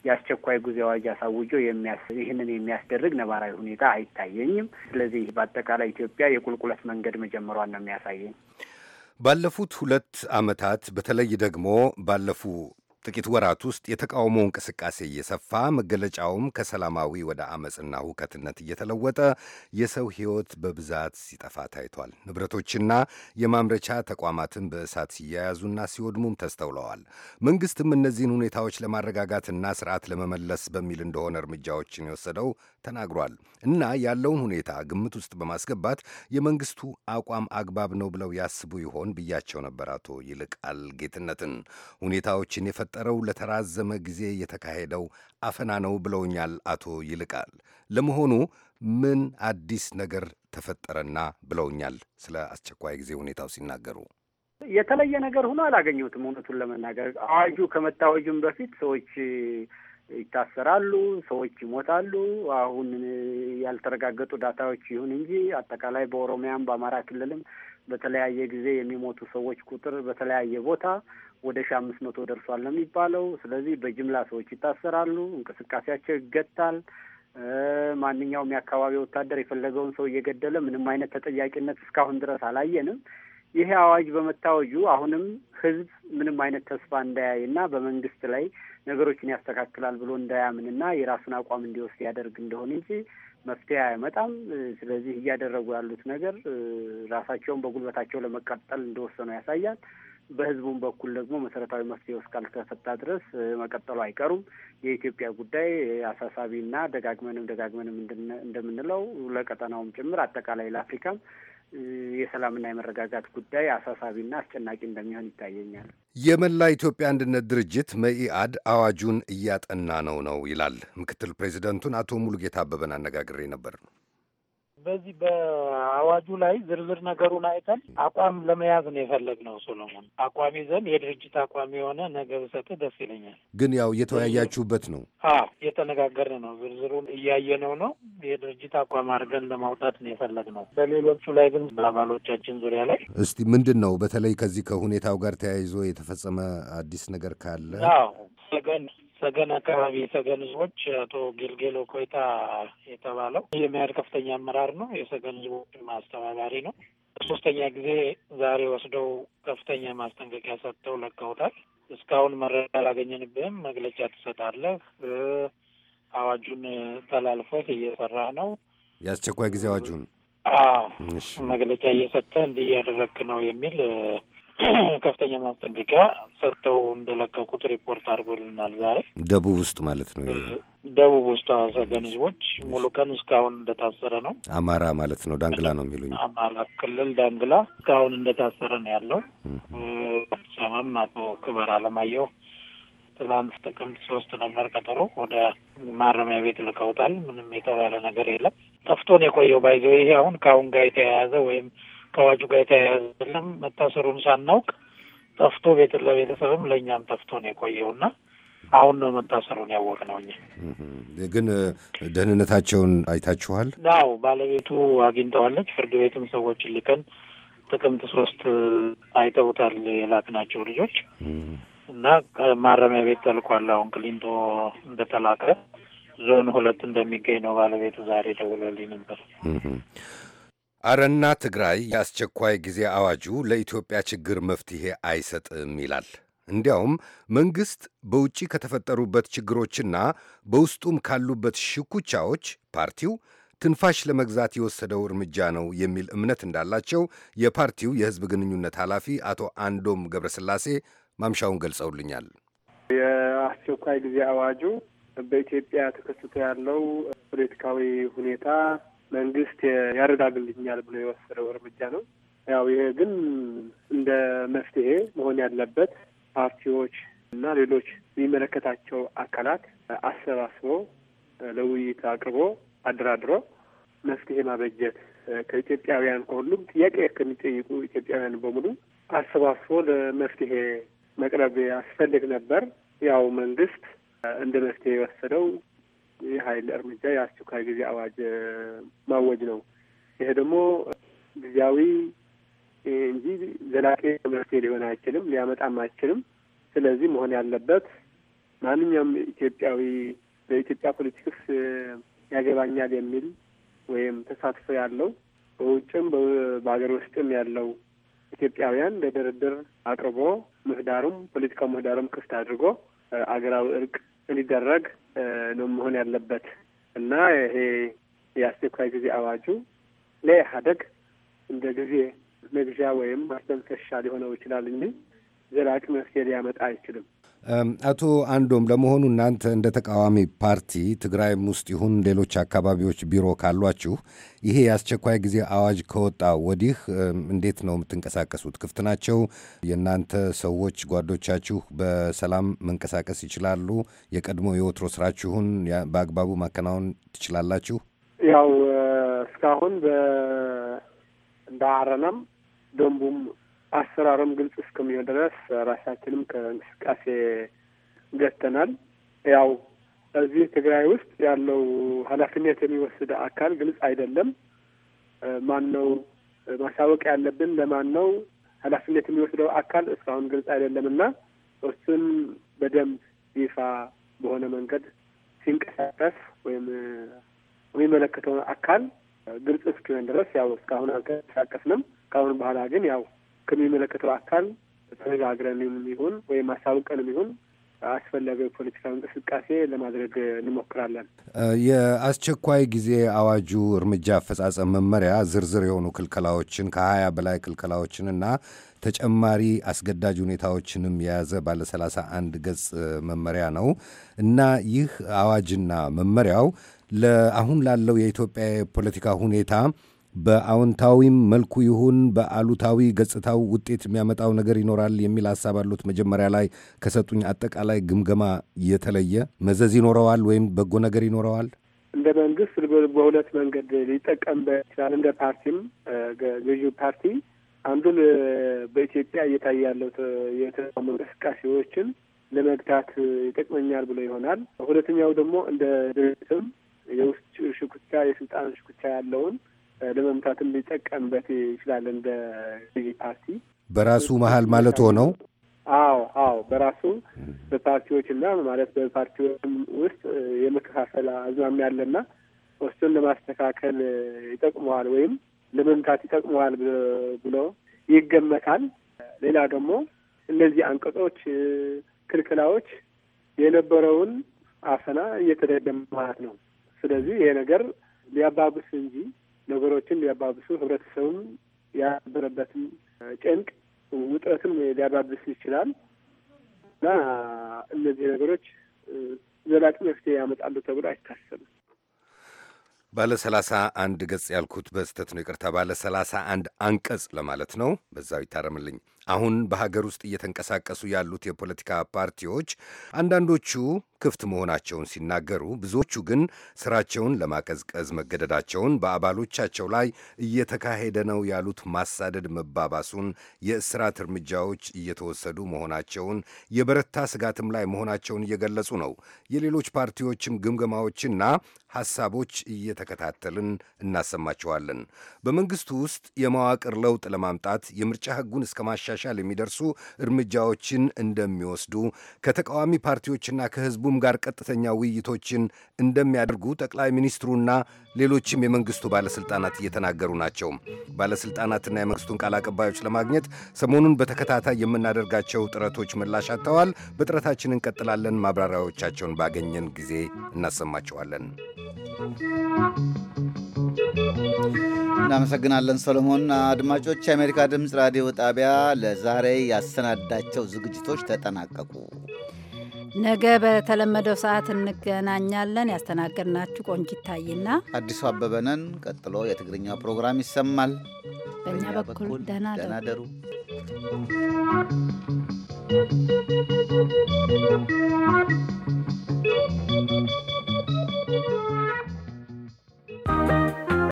የአስቸኳይ ጊዜ አዋጅ አሳውጆ ይህንን የሚያስደርግ ነባራዊ ሁኔታ አይታየኝም። ስለዚህ በአጠቃላይ ኢትዮጵያ የቁልቁለት መንገድ መጀመሯን ነው የሚያሳየኝ። ባለፉት ሁለት ዓመታት በተለይ ደግሞ ባለፉ ጥቂት ወራት ውስጥ የተቃውሞ እንቅስቃሴ እየሰፋ መገለጫውም ከሰላማዊ ወደ አመፅና ሁከትነት እየተለወጠ የሰው ሕይወት በብዛት ሲጠፋ ታይቷል። ንብረቶችና የማምረቻ ተቋማትን በእሳት ሲያያዙና ሲወድሙም ተስተውለዋል። መንግስትም እነዚህን ሁኔታዎች ለማረጋጋትና ስርዓት ለመመለስ በሚል እንደሆነ እርምጃዎችን የወሰደው ተናግሯል እና ያለውን ሁኔታ ግምት ውስጥ በማስገባት የመንግስቱ አቋም አግባብ ነው ብለው ያስቡ ይሆን ብያቸው ነበር አቶ ይልቃል ጌትነትን ሁኔታዎችን የፈ የተፈጠረው ለተራዘመ ጊዜ የተካሄደው አፈና ነው ብለውኛል አቶ ይልቃል። ለመሆኑ ምን አዲስ ነገር ተፈጠረና ብለውኛል? ስለ አስቸኳይ ጊዜ ሁኔታው ሲናገሩ የተለየ ነገር ሆኖ አላገኘሁትም። እውነቱን ለመናገር አዋጁ ከመታወጁም በፊት ሰዎች ይታሰራሉ፣ ሰዎች ይሞታሉ። አሁን ያልተረጋገጡ ዳታዎች ይሁን እንጂ አጠቃላይ በኦሮሚያም በአማራ ክልልም በተለያየ ጊዜ የሚሞቱ ሰዎች ቁጥር በተለያየ ቦታ ወደ ሺ አምስት መቶ ደርሷል ነው የሚባለው። ስለዚህ በጅምላ ሰዎች ይታሰራሉ፣ እንቅስቃሴያቸው ይገታል። ማንኛውም የአካባቢ ወታደር የፈለገውን ሰው እየገደለ ምንም አይነት ተጠያቂነት እስካሁን ድረስ አላየንም። ይሄ አዋጅ በመታወጁ አሁንም ህዝብ ምንም አይነት ተስፋ እንዳያይ ና በመንግስት ላይ ነገሮችን ያስተካክላል ብሎ እንዳያምንና የራሱን አቋም እንዲወስድ ያደርግ እንደሆን እንጂ መፍትሄ አይመጣም። ስለዚህ እያደረጉ ያሉት ነገር ራሳቸውን በጉልበታቸው ለመቀጠል እንደወሰኑ ያሳያል። በህዝቡም በኩል ደግሞ መሰረታዊ መፍትሄ እስካልተፈታ ድረስ መቀጠሉ አይቀሩም። የኢትዮጵያ ጉዳይ አሳሳቢና ደጋግመንም ደጋግመንም እንደምንለው ለቀጠናውም ጭምር አጠቃላይ ለአፍሪካም የሰላምና የመረጋጋት ጉዳይ አሳሳቢና አስጨናቂ እንደሚሆን ይታየኛል። የመላ ኢትዮጵያ አንድነት ድርጅት መኢአድ አዋጁን እያጠና ነው ነው ይላል። ምክትል ፕሬዚደንቱን አቶ ሙሉጌታ አበበን አነጋግሬ ነበር። በዚህ በአዋጁ ላይ ዝርዝር ነገሩን አይተን አቋም ለመያዝ ነው የፈለግነው። ሶሎሞን አቋም ይዘን የድርጅት አቋም የሆነ ነገ ብሰጥህ ደስ ይለኛል። ግን ያው እየተወያያችሁበት ነው? አዎ እየተነጋገርን ነው። ዝርዝሩን እያየነው ነው። የድርጅት አቋም አድርገን ለማውጣት ነው የፈለግነው። በሌሎቹ ላይ ግን በአባሎቻችን ዙሪያ ላይ እስቲ ምንድን ነው በተለይ ከዚህ ከሁኔታው ጋር ተያይዞ የተፈጸመ አዲስ ነገር ካለ አዎ ሰገን አካባቢ የሰገን ህዝቦች አቶ ጌልጌሎ ኮይታ የተባለው የሚያድ ከፍተኛ አመራር ነው። የሰገን ህዝቦች ማስተባባሪ ነው። ሶስተኛ ጊዜ ዛሬ ወስደው ከፍተኛ ማስጠንቀቂያ ሰጥተው ለቀውታል። እስካሁን መረጃ አላገኘንብህም፣ መግለጫ ትሰጣለህ፣ አዋጁን ተላልፎት እየሰራ ነው፣ የአስቸኳይ ጊዜ አዋጁን መግለጫ እየሰጠ እንዲህ እያደረግህ ነው የሚል ከፍተኛ ማስጠንቀቂያ ሰጥተው እንደለቀቁት ሪፖርት አድርጎልናል። ዛሬ ደቡብ ውስጥ ማለት ነው። ደቡብ ውስጥ አሰገን ህዝቦች ሙሉ ቀን እስካሁን እንደታሰረ ነው። አማራ ማለት ነው። ዳንግላ ነው የሚሉኝ። አማራ ክልል ዳንግላ እስካሁን እንደታሰረ ነው ያለው። ሰማም አቶ ክበር አለማየሁ ትላንት ጥቅምት ሶስት ነበር ቀጠሮ። ወደ ማረሚያ ቤት ልከውታል። ምንም የተባለ ነገር የለም። ጠፍቶን የቆየው ባይዘው ይሄ አሁን ከአሁን ጋር የተያያዘ ወይም ከአዋጁ ጋር የተያያዘለም መታሰሩን ሳናውቅ ጠፍቶ ቤት ለቤተሰብም ለእኛም ጠፍቶ ነው የቆየውና አሁን ነው መታሰሩን ያወቅነው። እኛ ግን ደህንነታቸውን አይታችኋል? አዎ ባለቤቱ አግኝተዋለች። ፍርድ ቤትም ሰዎች ልከን ጥቅምት ሶስት አይተውታል የላክናቸው ልጆች እና ማረሚያ ቤት ተልኳል። አሁን ክሊንቶ እንደተላከ ዞን ሁለት እንደሚገኝ ነው ባለቤቱ ዛሬ ደውሎልኝ ነበር። አረና ትግራይ የአስቸኳይ ጊዜ አዋጁ ለኢትዮጵያ ችግር መፍትሄ አይሰጥም ይላል። እንዲያውም መንግሥት በውጪ ከተፈጠሩበት ችግሮችና በውስጡም ካሉበት ሽኩቻዎች ፓርቲው ትንፋሽ ለመግዛት የወሰደው እርምጃ ነው የሚል እምነት እንዳላቸው የፓርቲው የሕዝብ ግንኙነት ኃላፊ አቶ አንዶም ገብረስላሴ ማምሻውን ገልጸውልኛል። የአስቸኳይ ጊዜ አዋጁ በኢትዮጵያ ተከስቶ ያለው ፖለቲካዊ ሁኔታ መንግስት ያረጋግልኛል ብሎ የወሰደው እርምጃ ነው። ያው ይሄ ግን እንደ መፍትሄ መሆን ያለበት ፓርቲዎች እና ሌሎች የሚመለከታቸው አካላት አሰባስቦ ለውይይት አቅርቦ አደራድሮ መፍትሄ ማበጀት ከኢትዮጵያውያን ከሁሉም ጥያቄ ከሚጠይቁ ኢትዮጵያውያን በሙሉ አሰባስቦ ለመፍትሄ መቅረብ ያስፈልግ ነበር። ያው መንግስት እንደ መፍትሄ የወሰደው የኃይል እርምጃ የአስቸኳይ ጊዜ አዋጅ ማወጅ ነው። ይሄ ደግሞ ጊዜያዊ እንጂ ዘላቂ መፍትሄ ሊሆን አይችልም፣ ሊያመጣም አይችልም። ስለዚህ መሆን ያለበት ማንኛውም ኢትዮጵያዊ በኢትዮጵያ ፖለቲክስ ያገባኛል የሚል ወይም ተሳትፎ ያለው በውጭም በሀገር ውስጥም ያለው ኢትዮጵያውያን ለድርድር አቅርቦ ምህዳሩም ፖለቲካው ምህዳሩም ክፍት አድርጎ አገራዊ እርቅ እንዲደረግ ነው መሆን ያለበት እና ይሄ የአስቸኳይ ጊዜ አዋጁ ለኢህአደግ እንደ ጊዜ መግዣ ወይም ማስተንፈሻ ሊሆነው ይችላል እንጂ ዘላቂ መፍትሄ ሊያመጣ አይችልም። አቶ አንዶም ለመሆኑ እናንተ እንደ ተቃዋሚ ፓርቲ ትግራይም ውስጥ ይሁን ሌሎች አካባቢዎች ቢሮ ካሏችሁ ይሄ የአስቸኳይ ጊዜ አዋጅ ከወጣ ወዲህ እንዴት ነው የምትንቀሳቀሱት? ክፍት ናቸው? የእናንተ ሰዎች ጓዶቻችሁ በሰላም መንቀሳቀስ ይችላሉ? የቀድሞ የወትሮ ስራችሁን በአግባቡ ማከናወን ትችላላችሁ? ያው እስካሁን እንደ አረናም ደንቡም አሰራርም ግልጽ እስከሚሆን ድረስ ራሳችንም ከእንቅስቃሴ ገተናል። ያው እዚህ ትግራይ ውስጥ ያለው ኃላፊነት የሚወስድ አካል ግልጽ አይደለም። ማን ነው ማሳወቅ ያለብን? ለማን ነው ኃላፊነት የሚወስደው አካል እስካሁን ግልጽ አይደለም እና እሱን በደንብ ይፋ በሆነ መንገድ ሲንቀሳቀስ ወይም የሚመለከተውን አካል ግልጽ እስኪሆን ድረስ ያው እስካሁን አልተንቀሳቀስንም። ከአሁን በኋላ ግን ያው ከሚመለከተው አካል ተነጋግረንም ይሁን ወይም አሳውቀንም ይሁን አስፈላጊ የፖለቲካ እንቅስቃሴ ለማድረግ እንሞክራለን። የአስቸኳይ ጊዜ አዋጁ እርምጃ አፈጻጸም መመሪያ ዝርዝር የሆኑ ክልከላዎችን ከሀያ በላይ ክልከላዎችን እና ተጨማሪ አስገዳጅ ሁኔታዎችንም የያዘ ባለ ሰላሳ አንድ ገጽ መመሪያ ነው እና ይህ አዋጅና መመሪያው ለአሁን ላለው የኢትዮጵያ የፖለቲካ ሁኔታ በአዎንታዊም መልኩ ይሁን በአሉታዊ ገጽታው ውጤት የሚያመጣው ነገር ይኖራል የሚል ሀሳብ አሉት። መጀመሪያ ላይ ከሰጡኝ አጠቃላይ ግምገማ የተለየ መዘዝ ይኖረዋል ወይም በጎ ነገር ይኖረዋል። እንደ መንግስት በሁለት መንገድ ሊጠቀምበት ይችላል። እንደ ፓርቲም ገዢው ፓርቲ አንዱን በኢትዮጵያ እየታየ ያለው የተቃውሞ እንቅስቃሴዎችን ለመግታት ይጠቅመኛል ብሎ ይሆናል። ሁለተኛው ደግሞ እንደ ድርጅትም የውስጥ ሽኩቻ፣ የስልጣን ሽኩቻ ያለውን ለመምታት ሊጠቀምበት ይችላል እንደ ገዢ ፓርቲ በራሱ መሀል ማለት ሆነው አዎ አዎ በራሱ በፓርቲዎችና ማለት በፓርቲዎችም ውስጥ የመከፋፈል አዝማሚያ አለና እሱን ለማስተካከል ይጠቅመዋል ወይም ለመምታት ይጠቅመዋል ብሎ ይገመታል። ሌላ ደግሞ እነዚህ አንቀጾች፣ ክልክላዎች የነበረውን አፈና እየተደገመ ማለት ነው። ስለዚህ ይሄ ነገር ሊያባብስ እንጂ ነገሮችን ሊያባብሱ ህብረተሰቡም ያበረበትን ጭንቅ ውጥረትም ሊያባብስ ይችላል እና እነዚህ ነገሮች ዘላቂ መፍትሄ ያመጣሉ ተብሎ አይታሰብም። ባለ ሰላሳ አንድ ገጽ ያልኩት በስተት ነው፣ ይቅርታ። ባለ ሰላሳ አንድ አንቀጽ ለማለት ነው። በዛው ይታረምልኝ። አሁን በሀገር ውስጥ እየተንቀሳቀሱ ያሉት የፖለቲካ ፓርቲዎች አንዳንዶቹ ክፍት መሆናቸውን ሲናገሩ፣ ብዙዎቹ ግን ስራቸውን ለማቀዝቀዝ መገደዳቸውን በአባሎቻቸው ላይ እየተካሄደ ነው ያሉት ማሳደድ መባባሱን፣ የእስራት እርምጃዎች እየተወሰዱ መሆናቸውን፣ የበረታ ስጋትም ላይ መሆናቸውን እየገለጹ ነው። የሌሎች ፓርቲዎችም ግምገማዎችና ሐሳቦች እየተከታተልን እናሰማቸዋለን። በመንግሥቱ ውስጥ የመዋቅር ለውጥ ለማምጣት የምርጫ ሕጉን እስከ ማሻሻል ለማሻሻል የሚደርሱ እርምጃዎችን እንደሚወስዱ ከተቃዋሚ ፓርቲዎችና ከሕዝቡም ጋር ቀጥተኛ ውይይቶችን እንደሚያደርጉ ጠቅላይ ሚኒስትሩና ሌሎችም የመንግስቱ ባለሥልጣናት እየተናገሩ ናቸው። ባለሥልጣናትና የመንግስቱን ቃል አቀባዮች ለማግኘት ሰሞኑን በተከታታይ የምናደርጋቸው ጥረቶች ምላሽ አጥተዋል። በጥረታችን እንቀጥላለን። ማብራሪያዎቻቸውን ባገኘን ጊዜ እናሰማቸዋለን። እናመሰግናለን ሰሎሞን። አድማጮች፣ የአሜሪካ ድምፅ ራዲዮ ጣቢያ ለዛሬ ያሰናዳቸው ዝግጅቶች ተጠናቀቁ። ነገ በተለመደው ሰዓት እንገናኛለን። ያስተናገድናችሁ ቆንጂት ታይና አዲሱ አበበነን። ቀጥሎ የትግርኛ ፕሮግራም ይሰማል። በእኛ በኩል ደህና ደሩ። Thank you.